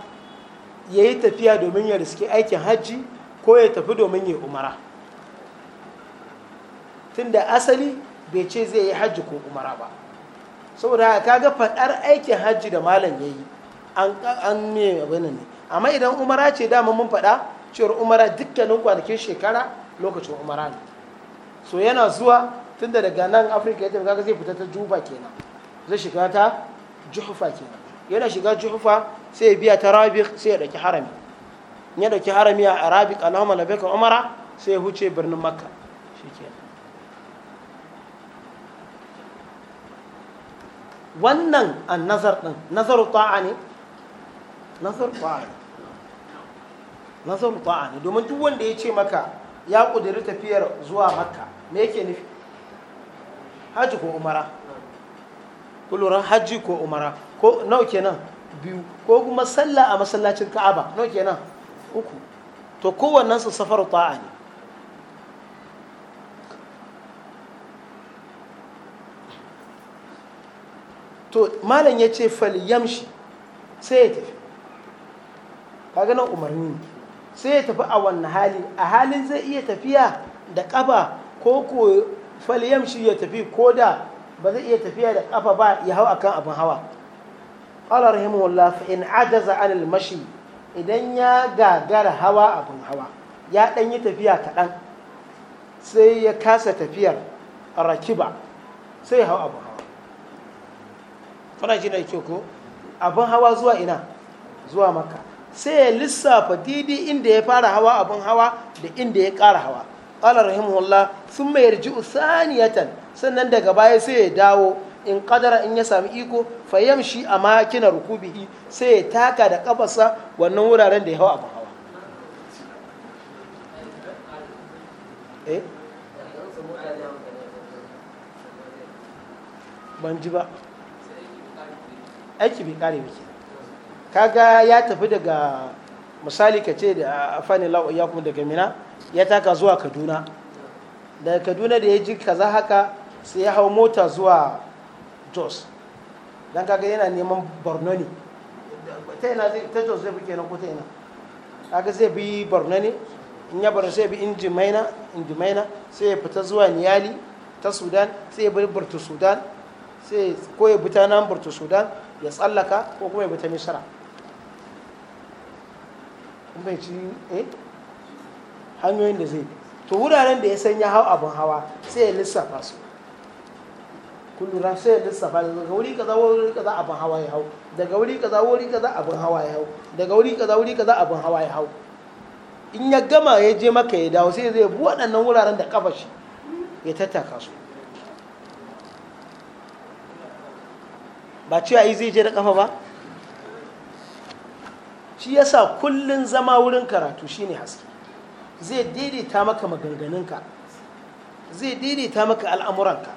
ya yi tafiya domin ya riske aikin hajji ko ya tafi domin ya umara tunda asali bai ce zai yi hajji ko umara ba saboda haka kaga faɗar aikin hajji da malam ya yi an ne abin ne amma idan umara ce dama mun faɗa cewar umara dukkanin kwanakin shekara lokacin umara ne so yana zuwa tunda daga nan afirka ya tafi kaga zai fita ta juba kenan zai shiga ta juhufa kenan yana shiga juhufa sai ya biya ta rabik sai ya ɗauki harami in ya ɗauki harami a rabik allahumma labbaika umara sai ya huce birnin makka shikenan wannan an nazar din nazar ta'a ne nazar ta'a ne nazar ta'a ne domin duk wanda ya ce maka ya kudiri tafiyar zuwa makka me yake nufi haji ko umara kuluran hajji ko umara ko nau kenan biyu ko kuma sallah a masallacin ka'aba nau kenan uku to kowannen su safar ta'a ne to malam ya ce fal yamshi sai ya tafi ka gana umarni sai ya tafi a wannan hali a halin zai iya tafiya da ƙaba ko ko falyamshi ya tafi ko da ba zai iya tafiya da kafa ba ya hau akan abin hawa qala rahimahullah fa in ajaza anil mashi idan ya gagara hawa abin hawa ya dan yi tafiya kaɗan sai ya kasa tafiyar rakiba sai ya hau abin hawa fara ji da kyau ko abin hawa zuwa ina zuwa makka sai ya lissafa didi inda ya fara hawa abin hawa da inda ya ƙara hawa qala rahimahullah thumma yarji'u usaniyatan sannan daga baya sai ya dawo in kadara in ya sami iko fa yamshi a makina rukubihi sai ya taka da ƙafasa wannan wuraren da ya hawa abu eh? hawa ban ji ba aiki bai kare miki kaga ya tafi daga misali ka ce da afani la'uwa ya kuma daga mina ya taka zuwa kaduna daga kaduna da ya ji kaza haka sai ya hau mota zuwa jos don kaga yana neman borno ne ta yana ta jos zai bi kenan ko ta yana kaga zai bi borno ne in ya borno sai bi injimaina Maina sai ya fita zuwa niyali ta sudan sai ya bi burtu sudan sai ko ya bi ta nan burtu sudan ya tsallaka ko kuma ya bi ta misira kun ci eh hanyoyin da zai to wuraren da ya san ya hau abin hawa sai ya lissafa su kullum lura sai ya lissafa daga wuri kaza wuri kaza abin hawa ya hau daga wuri kaza wuri kaza abin hawa ya hau daga wuri kaza wuri kaza abin hawa ya hau in ya gama ya je maka ya dawo sai zai bi waɗannan wuraren da kafa shi ya tattaka su ba cewa yi zai je da kafa ba shi yasa kullun zama wurin karatu shine haske zai daidaita maka maganganunka zai daidaita maka al'amuranka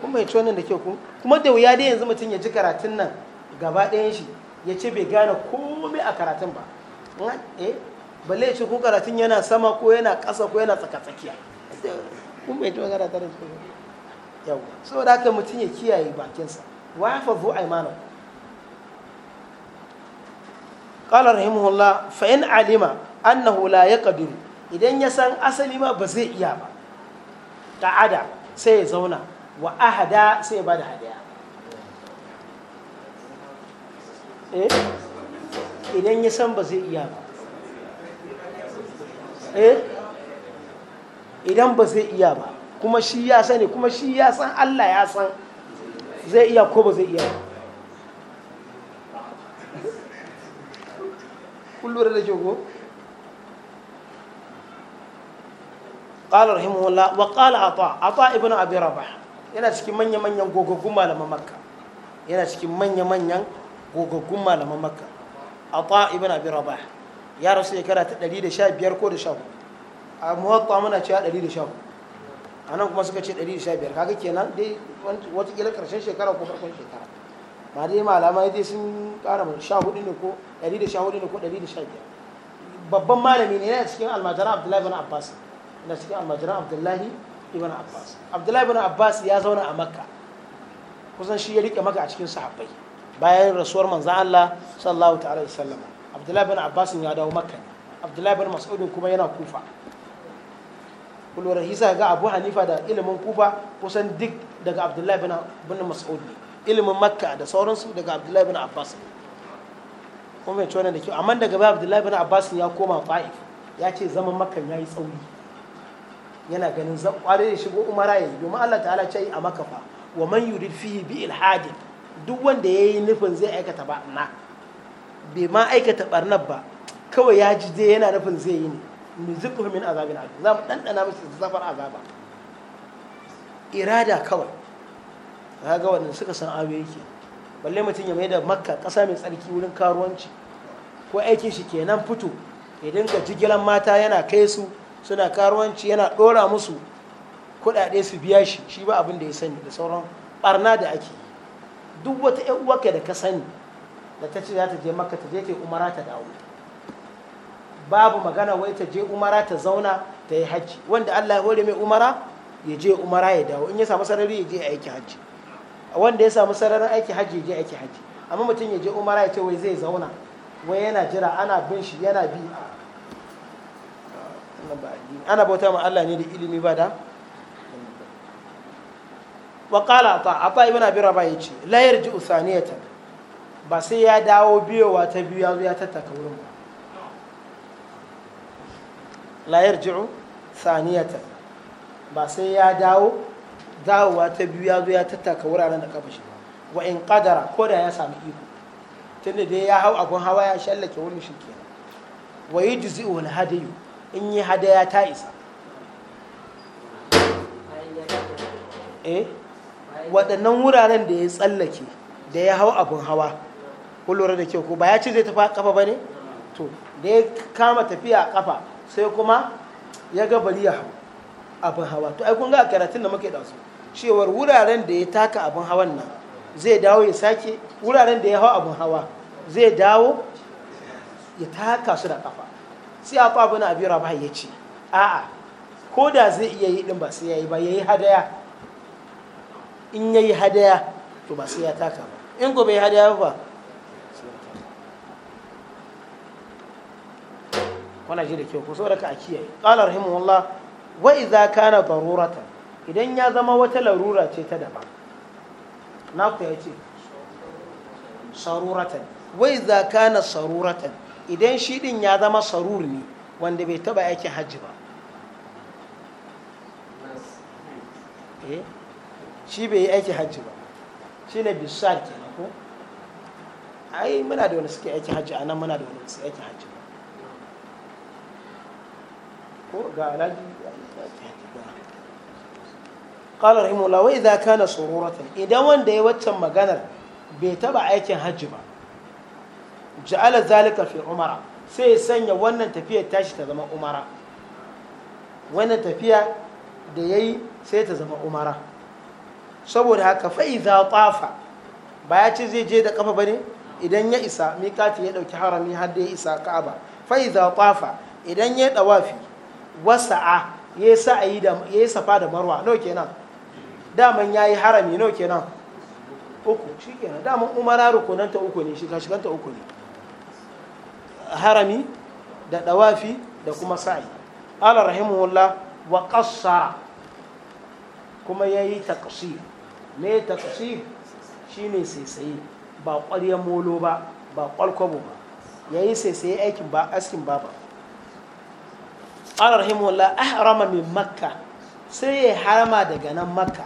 kuma bai wannan da kyau kuma da wuya dai yanzu mutum ya ji karatun nan gaba ɗayan shi ya ce bai gane komai a karatun ba eh balle ya ce ko karatun yana sama ko yana ƙasa ko yana tsakatsakiya kuma bai wannan karatun da kyau yau saboda haka mutum ya kiyaye bakinsa wa fa ya fafu aimanu قال رحمه الله فإن علم annahu la kaduru idan ya san asali ma ba zai iya ba ka'ada sai ya zauna wa ahada sai ya bada hadaya eh idan ya san ba zai iya ba eh idan ba zai iya ba kuma shi ya sani kuma shi ya san Allah ya san zai iya ko ba zai iya ba kun da jogo? qala rahimahullah wa qala ata cikin manya manyan gogaggun malaman makka yana cikin manya manyan gogaggun malaman makka ata ibnu abi rabah ya rasu shekara ta 115 ko da 14 a muwatta muna cewa anan kuma suka ce 115 kaga kenan dai wata kila karshen shekara ko farkon shekara ma dai malamai dai sun kara 14 ne ko 114 ne ko 115 babban malami ne yana cikin almajara abdullahi bin abbas na cikin almajiran abdullahi ibn abbas abdullahi ibn abbas ya zauna a makka kusan shi ya rike maka a cikin sahabbai bayan rasuwar manzan allah sallallahu ta'ala da sallama abdullahi ibn abbas ya dawo makka abdullahi ibn mas'udin kuma yana kufa kulwar hisa ga abu hanifa da ilimin kufa kusan duk daga abdullahi ibn mas'ud ne ilimin makka da sauransu daga abdullahi ibn abbas ne kuma mai cewa da kyau amma daga bai abdullahi ibn abbas ya koma fa'if ya ce zaman Makka ya yi tsauri yana ganin zan da shigo umara yi domin Allah ta'ala ce a maka fa wa man yurid fihi bi duk wanda ya yi nufin zai aikata ba na bai ma aikata barnar ba kawai ya ji zai yana nufin zai yi ne nuzuqhu min azabin alim za mu ɗanɗana musu zafar azaba irada kawai kaga wannan suka san awe yake balle mutum ya mai da makka ƙasa mai tsarki wurin karuwanci ko aikin shi kenan fito ya dinga jigilan mata yana kai su suna karuwanci yana ɗora musu kuɗaɗe su biya shi shi ba abinda ya sani da sauran barna da ake yi duk wata ‘yan uwarka da ka sani da ta ce za ta je maka ta je ta umara ta dawo babu magana wai ta je umara ta zauna ta yi hajji wanda Allah ya hore mai umara ya je umara ya dawo in ya samu sarari ya je aiki hajji wanda ya samu sararin aiki hajji ya je aiki hajji amma mutum ya je umara ya ce wai zai zauna wai yana jira ana bin shi yana bi wannan ba addini ana bauta ma Allah ne da ilimi ba da wa qala ta ata ibn abi rabah yace la yarji usaniyata ba sai ya dawo biyowa ta biyu ya zo ya tattaka wurin ba la yarji saniyata ba sai ya dawo dawowa ta biyu ya zo ya tattaka wuraren da kafa shi wa in qadara ko da ya samu iko tunda dai ya hau abun hawa ya shallake wurin shi kenan wa yujzi'u al hadiyu in yi hadaya ta isa eh waɗannan wuraren da ya tsallake da ya hau abin hawa kullum da kyau ko ba ya ce zai tafi kafa ba ne to da ya kama tafiya a kafa sai kuma ya ga bari ya hau abin hawa to ai kun ga karatun da muke ɗansu cewar wuraren da ya taka abin hawan nan zai dawo ya sake wuraren da ya hau abin hawa zai dawo ya taka su da kafa sai a tsabu na abi rabah ya ce a'a ko da zai iya yi din ba sai ya yi ba ya yi hadaya in ya yi hadaya to ba sai ya taka ba in ko bai hadaya ba kwana ji da kyau ko saboda ka a kiyaye qala rahimahullah wa idza kana daruratan idan ya zama wata larura ce ta daban na ku ya ce saruratan wa idza kana saruratan idan shi din ya zama sarur ne wanda bai taba aikin hajji ba eh, shi bai yi aikin hajji ba shi ne bisar kenan ko ai muna da wani suke aikin hajji a nan muna da wani suke aikin hajji ba ko ga alhaji za ka na tsoro كان idan wanda ya waccan maganar bai taba aikin Hajji ba. ja'ala zalika fi umara sai ya sanya wannan tafiyar tashi ta zama umara wannan tafiya da ya yi sai ta zama umara saboda haka fa'iza tafa ba ya ce zai je da kafa ba ne idan ya isa miqati ya dauki harami har da ya isa ka'aba fa'iza tafa idan ya dawafi wasa'a ya yi safa da marwa no kenan daman ya yi harami no kenan uku shi kenan daman umara rukunanta uku ne shiga shiganta uku ne harami da dawafi da kuma sa'i ala rahimahullah wa qassara kuma yayi taqsir me taqsir shine saisaye ba ƙwarya molo ba ba ƙwalkwabo ba yi saisaye aikin ba askin ba ba ala rahimahullah ahrama min makka sai ya harama daga nan makka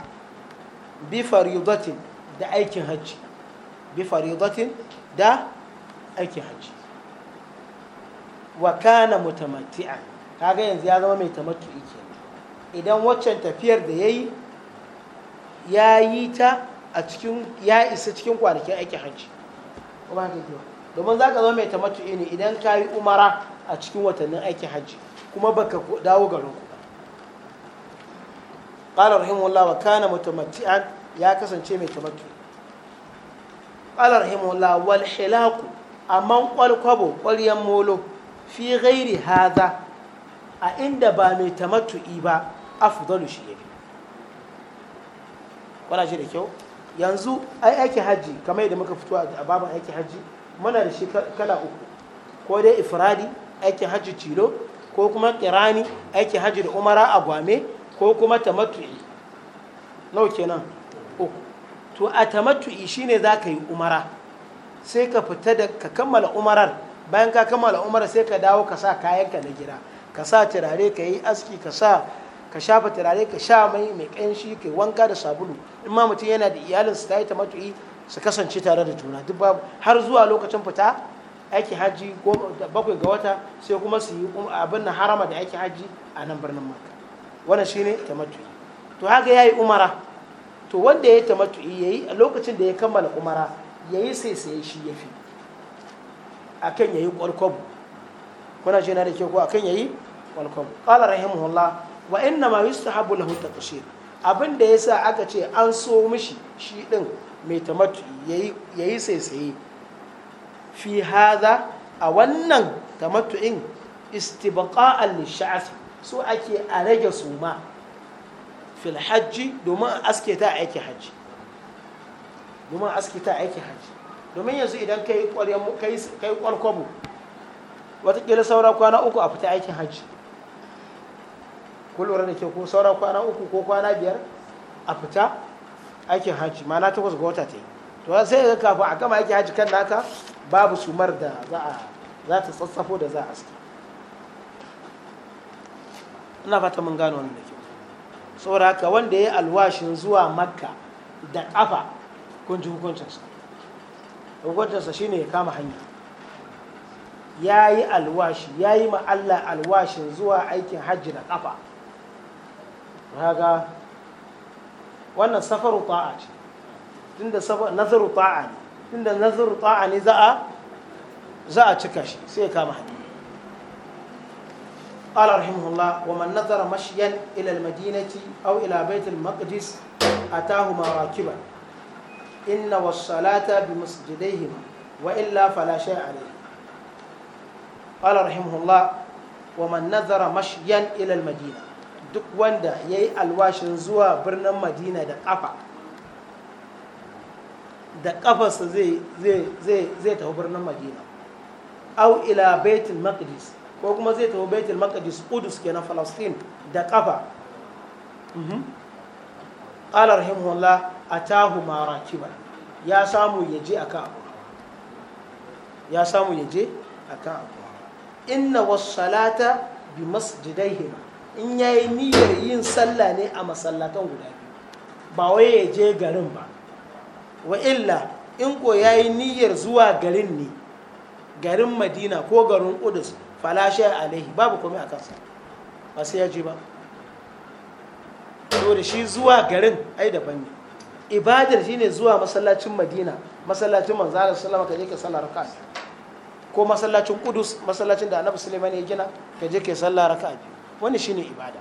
bi faridatin da aikin hajji bi faridatin da aikin hajji wa kana mutamatti'a kaga yanzu ya zama mai tamattu'i ke idan waccan tafiyar da yayi ya yi ta a cikin ya isa cikin kwanakin aiki hajji kuma za ka domin zama mai tamattu'i ne idan ka yi umara a cikin watannin aiki hajji kuma baka dawo garin ku qala rahimahullah wa kana mutamatti'an ya kasance mai tamattu'i qala rahimahullah wal hilaqu amma kwalkwabo ƙwaryan molo fi ghairi haza a inda ba mai tamattu'i ba afdalu shi yafi wala shi da kyau yanzu ai aiki hajji kamar yadda muka fito a babban aiki hajji muna da shi kala uku ko dai ifradi aikin hajji cilo ko kuma kirani aikin hajji da umara a gwame ko kuma tamattu'i nawa kenan uku to a tamattu'i shine za ka yi umara sai ka fita da ka kammala umarar bayan ka kammala umara sai ka dawo ka sa ka na gida ka sa turare ka yi aski ka sa ka shafa turare ka sha mai mai kanshi ka wanka da sabulu in ma mutum yana da iyalin su tayi tamattu'i su kasance tare da juna duk babu har zuwa lokacin fita aiki haji bakwai ga wata sai kuma su yi um, abin na harama da aiki haji a nan birnin maka wannan shine tamattu'i to haka yayi umara to wanda ya yi tamattu'i yayi a lokacin da ya kammala umara yayi sai sai shi yafi akan yayi kwalkwabu kuna shi na da ke ko akan yayi kwalkwabu qala rahimahullah wa inna ma yustahabu lahu taqsir abin da sa aka ce an so mishi shi din mai tamattu ya yi saisaye fi hadha a wannan tamattu'in istibqa'an lisha'af so ake a rage suma fil hajji domin aske ta aiki hajji domin aske ta aiki hajji domin yanzu idan ka yi kwabo watakila saura kwana uku a fita aikin hajji ku lura da ke ko saura kwana uku ko kwana biyar a fita aikin hajji mana takwas ga wata ta yi to sai ga kafin a gama aikin hajji kan naka babu sumar da za ta tsatsafo da za a aski ina fata mun gano wani da ke saboda haka wanda ya yi alwashin zuwa makka da kafa kun ji hukuncinsa hukuncinsa shine ya kama hanya ya yi alwashi ya yi ma'alla alwashin zuwa aikin hajji na ƙafa haga wannan safaru ta'a ce tunda nazaru ta'a ne tunda nazaru ta'a ne za a cika shi sai ya kama hanya wa رحمه الله ومن نظر au ila المدينة أو إلى بيت المقدس أتاه inna wassalata bi masjidaihima wa illa fala shay alayhi qala rahimahullah wa man nazara mashyan ila madina duk wanda yayi alwashin zuwa birnin madina da kafa da kafarsa zai zai zai tafi birnin madina au ila baitul maqdis ko kuma zai tafi baitul maqdis qudus kenan falastin da kafa mhm. qala rahimahullah atahu marakiba ya samu ya je akan abu ya samu ya je akan abu inna wassalata bi masjidaihima in yayi niyyar yin sallah ne a masallatan guda biyu ba wai ya je garin ba wa illa in ko yi niyyar zuwa garin ne garin Madina ko garin udus falashe shay alaihi babu komai a kansa ba sai ya je ba dole shi zuwa garin ai daban ne ibadar shine zuwa masallacin madina masallacin manzara salama ka je ka sallar raka'a ko masallacin kudus masallacin da annabi suleiman ya gina ka je ka sallar raka'a Wani shine ibada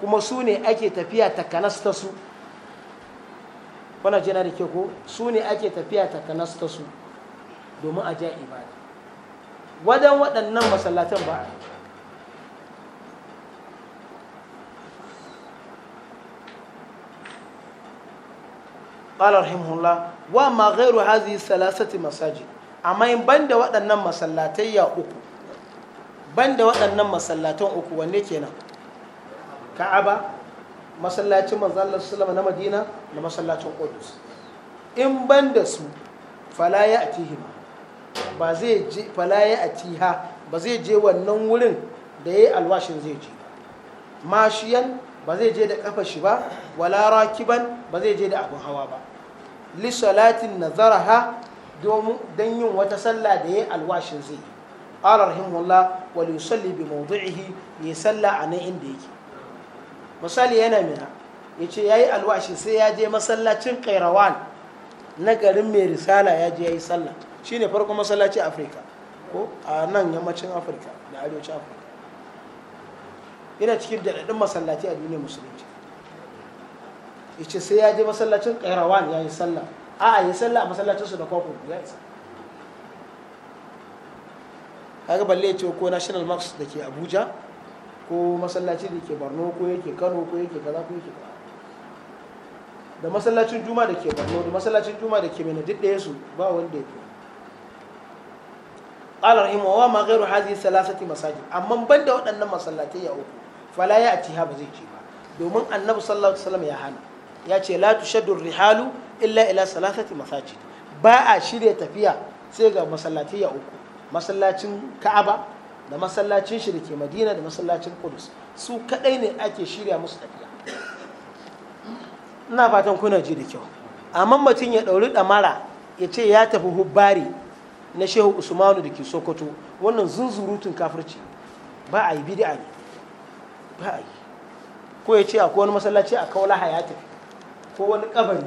kuma su ne ake tafiya ta kanasta su kuna jina da ke ko su ne ake tafiya ta kanasta su domin a ibada wajen waɗannan masallatan ba قال رحمه wa ma غير هذه thalathati مساجد اما ان بند waɗannan masallatai ya uku بند waɗannan masallatan uku wanne kenan ka'aba masallacin من Allah na Madina da masallacin Qudus in ban da su fala ba zai je fala ya atiha ba zai je wannan wurin da yi alwashin zai je mashiyan ba zai je da kafa shi ba wala rakiban ba zai je da abin hawa ba lisalatin na zaraha don yin wata sallah da yayi alwashin zai qala rahimullah wa yusalli bi mawdi'ihi ya salla a nan inda yake misali yana mina ya yayi alwashi sai ya je masallacin Kairawan na garin mai risala ya je yayi sallah shine farko masallacin Afirka ko a nan yammacin Afirka da arewacin Afirka yana cikin daɗaɗɗun masallaci a duniyar musulunci ya sai ya je masallacin kairawan ya yi sallah a a yi sallah a masallacin su da kofin ya yi sallah kaga balle ya ce ko national max da ke abuja ko masallaci da ke borno ko yake kano ko yake kaza ko yake kaza da masallacin juma da ke borno da masallacin juma da ke mena duk su ba wanda ya fi ƙalar imawa ma gairu hazi salasati masajin amma ban da waɗannan masallatai ya uku fala ya atiha ba zai ce ba domin annabi sallallahu alaihi wasallam ya hana ya ce la tushaddu rihalu illa ila salasati masajid ba a shirya tafiya sai ga masallatai ya uku masallacin Ka'aba da masallacin shirke da ke Madina da masallacin Kudus su kadai ne ake shirya musu tafiya ina fatan kuna ji da kyau amma mutum ya ɗauri ɗamara ya ce ya tafi hubbari na shehu usmanu da ke sokoto wannan zunzurutun kafirci ba a yi bid'a ne ba a yi ko ya ce akwai wani masallaci a kaula ya tafi ko wani kabari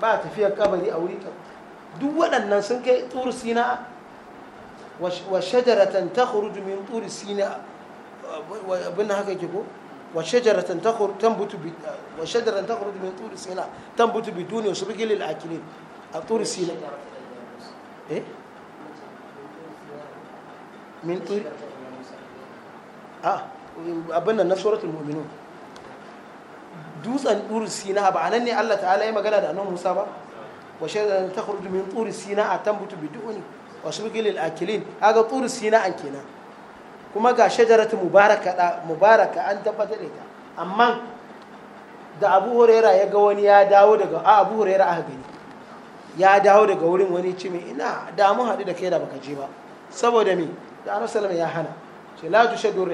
ba tafiyar kabari a wuri ka duk waɗannan sun kai turu sina wa shajaratan ta khuruju min turu sina abin haka ko wa shajaratan ta khuruju tambutu bi wa shajaratan ta khuruju min turu sina bi duniya su akilin a turu sina eh min ah, abin nan na suratul mu'minun dutsen turis sina ba nan ne Allah ta'ala ya magana da annabi Musa ba wa ta takhruju min turis sina a tambutu biduni wa subqil bigilil akilin aga turis sina an kenan kuma ga shajarata mubaraka da mubaraka an tabbatar da amma da Abu Huraira ya ga wani ya dawo daga a Abu Huraira aka gani ya dawo daga wurin wani ci mai ina da haɗu da kai da baka je ba saboda me da anasalama ya hana ce la tushaddu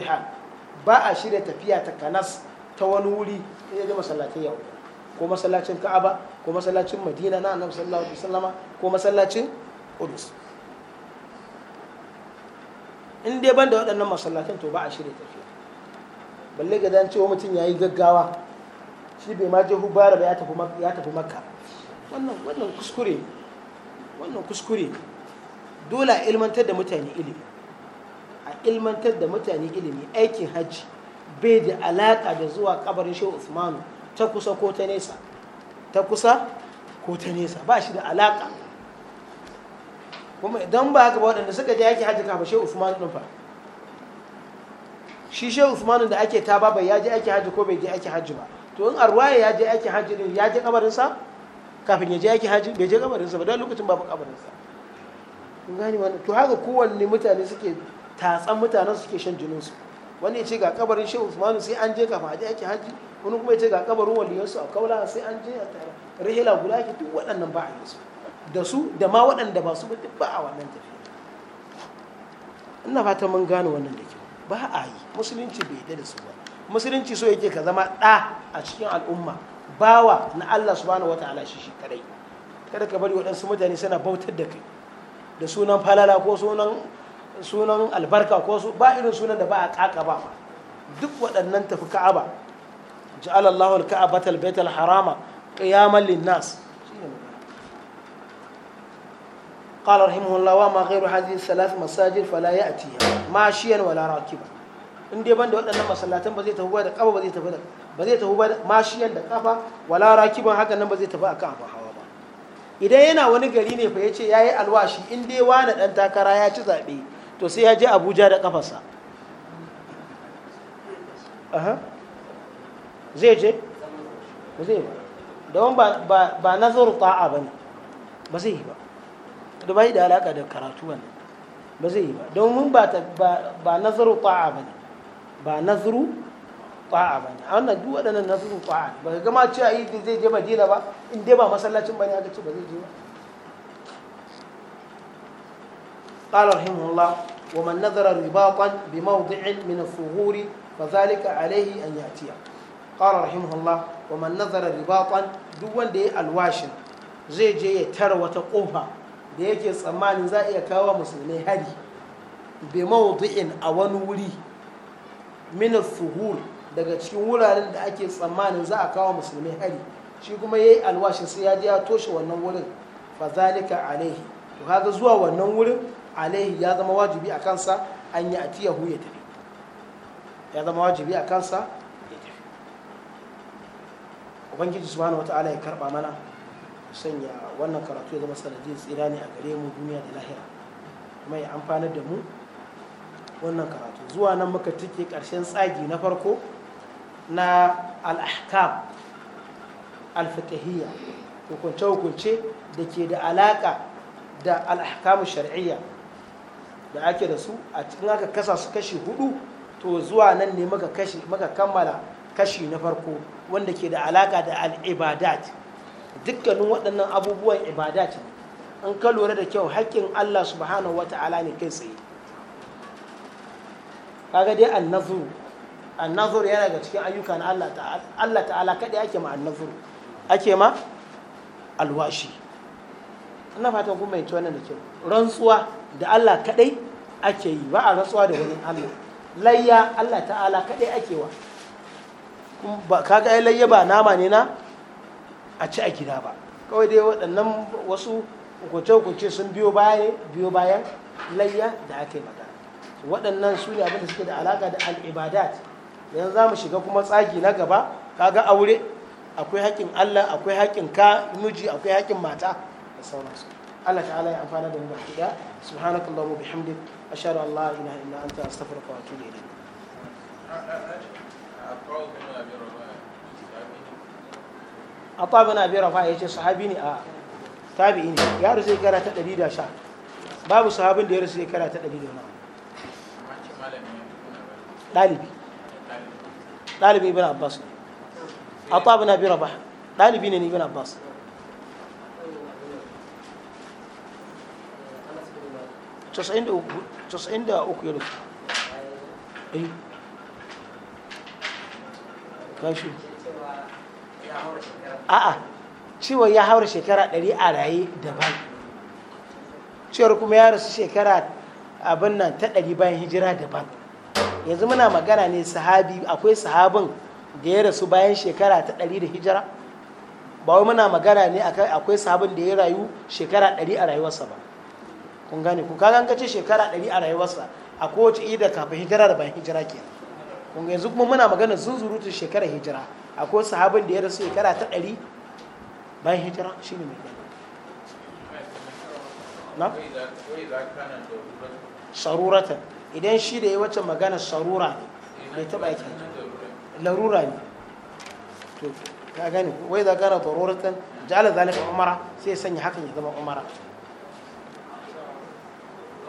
ba a shirya tafiya ta kanas ta wani wuri ya ji masallacin Ya'u ko masallacin ka'aba ko masallacin madina na annabi sallallahu alaihi wasallama ko masallacin qudus in dai ban da waɗannan masallatan to ba a shirya tafiya balle ga dan cewa mutum yayi gaggawa shi bai ma je hubara ba ya tafi ya tafi makka wannan wannan kuskure wannan kuskure dole a ilmantar da mutane ilimi a ilmantar da mutane ilimi aikin hajji bai da alaƙa da zuwa kabarin shehu usmanu ta kusa ko ta nesa ta kusa ko ta nesa ba shi da alaƙa kuma idan ba haka ba waɗanda suka je yake hajji kafa shehu usmanu ɗin fa shi shehu usmanu da ake ta babai ya je yaki hajji ko bai je yaki hajji ba to in arwaye ya je yaki hajji din ya je kabarinsa kafin ya je yaki hajji bai je kabarinsa ba don lokacin babu kabarinsa kun gane wannan to haka kowanne mutane suke tatsan mutanen suke shan jininsu wani ya ce ga kabarin shehu usmanu sai an je kafin aje ake haji wani kuma ya ce ga kabarin waliyansu a kaula sai an je a tara rahila guda ake duk waɗannan ba a yi su da su da ma waɗanda ba su ba duk ba a wannan tafiya ina fata mun gane wannan da kyau ba a yi musulunci bai da da su ba musulunci so yake ka zama ɗa a cikin al'umma bawa na Allah subhanahu wataala shi shi kadai kada ka bari waɗansu mutane suna bautar da kai da sunan falala ko sunan sunan albarka ko su ba irin sunan da ba a kaka ba duk waɗannan tafi ka'aba ja'ala Allahu al-ka'abata al harama qiyaman lin-nas قال رحمه الله وما غير هذه الثلاث مساجد فلا ماشيا ولا راكبا idan yana wani gari ne fa yace yayi alwashi in dai na dan takara ya ci zaɓe. to sai ya je abuja da kafarsa zai je ba zai ba don ba nazaru ta'a ba ne ba zai yi ba da bai da alaka da karatu wannan ba zai yi ba mun ba nazaru ta'a ba ne ba nazaru ta'a ba ne a wannan duk na nazaru ta'a ba ga ma cewa yi zai je madina ba in ba masallacin ba ne aka ce ba zai je ba قال رحمه الله ومن نذر رباطا بموضع من الثغور فذلك عليه أن يأتيه قال رحمه الله ومن نذر رباطا دون دي الواشن زي جي ترى وتقوها da yake tsammanin za a iya kawo musulmai hari bi mawdu'in a wani wuri min daga cikin wuraren da ake tsammanin za a kawo musulmi hari shi kuma yayi alwashin sai ya je ya toshe wannan wurin fa zalika alaihi to kaga zuwa wannan wurin alaihi ya zama wajibi a kansa an yi atiyahu ya tafi ya zama wajibi a kansa ya tafi ubangiji subhanahu wata'ala ya karba mana sanya wannan karatu ya zama sanadin tsira ne a gare mu duniya da lahira kuma ya amfanar da mu wannan karatu zuwa nan muka tike karshen tsagi na farko na alahkam ahkam hukunce-hukunce da ke da alaƙa da al shari'iyya da ake da su a cikin aka kasa su kashi hudu to zuwa nan ne maka kashi maka kammala kashi na farko wanda ke da alaka da al'ibadat dukkanin waɗannan abubuwan ibadat ne in ka lura da kyau haƙƙin Allah subhanahu wata'ala ne kai tsaye kaga dai annazur annazur yana ga cikin ayyukan Allah ta'ala Allah ta'ala kadai ake ma annazur ake ma alwashi ina fatan kun bayyana wannan da kyau rantsuwa da Allah kaɗai. ake yi ba a rasuwa da wani Allah layya Allah ta'ala kaɗai ake wa kaga ai layya ba nama ne na a ci a gida ba kawai dai waɗannan wasu hukunce-hukunce sun biyo bayan biyo bayan layya da aka yi magana waɗannan su ne abin da suke da alaka da al'ibadat yanzu za mu shiga kuma tsagi na gaba kaga aure akwai haƙƙin allah akwai haƙƙin ka miji akwai haƙƙin mata da sauransu allah ta'ala ya amfana da mu baki ɗaya subhanakallahu bihamdika ashhadu an la ilaha illa anta astaghfiruka wa atubu a da ya uku ya eh kashi a'a ciwon ya haura shekara ɗari a raye daban ciwon kuma ya rasu shekara abin nan ta ɗari bayan hijira daban yanzu muna magana ne sahabi akwai sahabin da ya rasu bayan shekara ta ɗari da hijira ba wai muna magana ne akwai sahabin da ya rayu shekara ɗari a rayuwarsa ba kun gane ku kaga an kace shekara ɗari a rayuwarsa a kowace idar kafin hijira da bayan hijira ke kun yanzu kuma muna magana zurutun shekarar hijira akwai sahabin da ya rasu shekara ta ɗari bayan hijira shi ne mai kenan na idan shi da ya wacce magana sarura ne mai taɓa yake larura ne to ka gane wai ka kana daruratan ja'ala zalika umara sai sanya hakan ya zama umara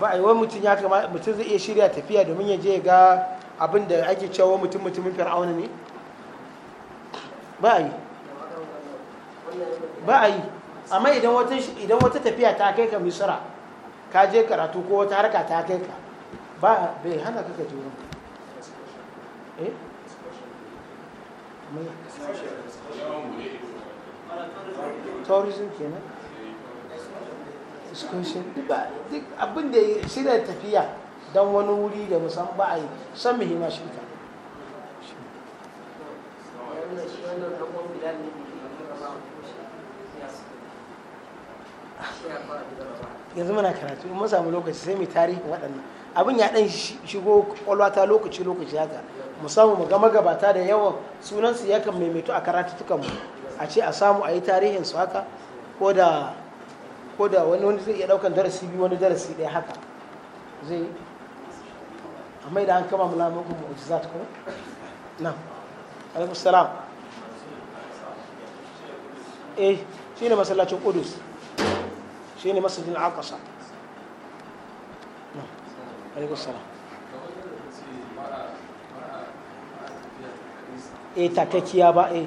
ba a yi wani mutum ya kama mutum zai iya shirya tafiya domin ya je ga abin da ake cewa mutum mutumin fir'auna ne ba a yi ba a yi amma idan wata tafiya ta kai ka misira ka je karatu ko wata harka ta kai ka ba bai hana ka kaje wurin eh tourism kenan duk abin da shi da tafiya don wani wuri da musan ba a yi san muhimman shi ta yanzu muna karatu mun samu lokaci sai mai tarihin waɗannan abin ya ɗan shigo ƙwalwata lokaci lokaci haka mu samu mu ga magabata da yawan sunansu kan maimaitu a mu a ce a samu a yi tarihin su haka ko da ko da wani wani zai iya daukan darasi biyu wani darasi ɗaya haka zai amma idan an kama mu lamun kuma mu'jizat ko na alaikum salam eh ne masallacin kudus shi ne masallacin aqsa na alaikum salam eh takakkiya ba eh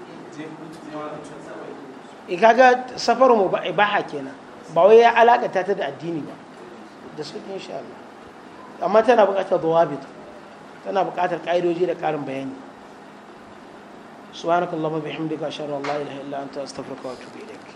Eh, kaga safar mu ibaha eh, kenan ba wai ya alakata ta da addini ba da su insha Allah amma tana bukatar dawabit tana buƙatar ƙa'idoji da ƙarin bayani subhanakallahumma bihamdika ashhadu an la ilaha illa anta astaghfiruka wa atubu ilaik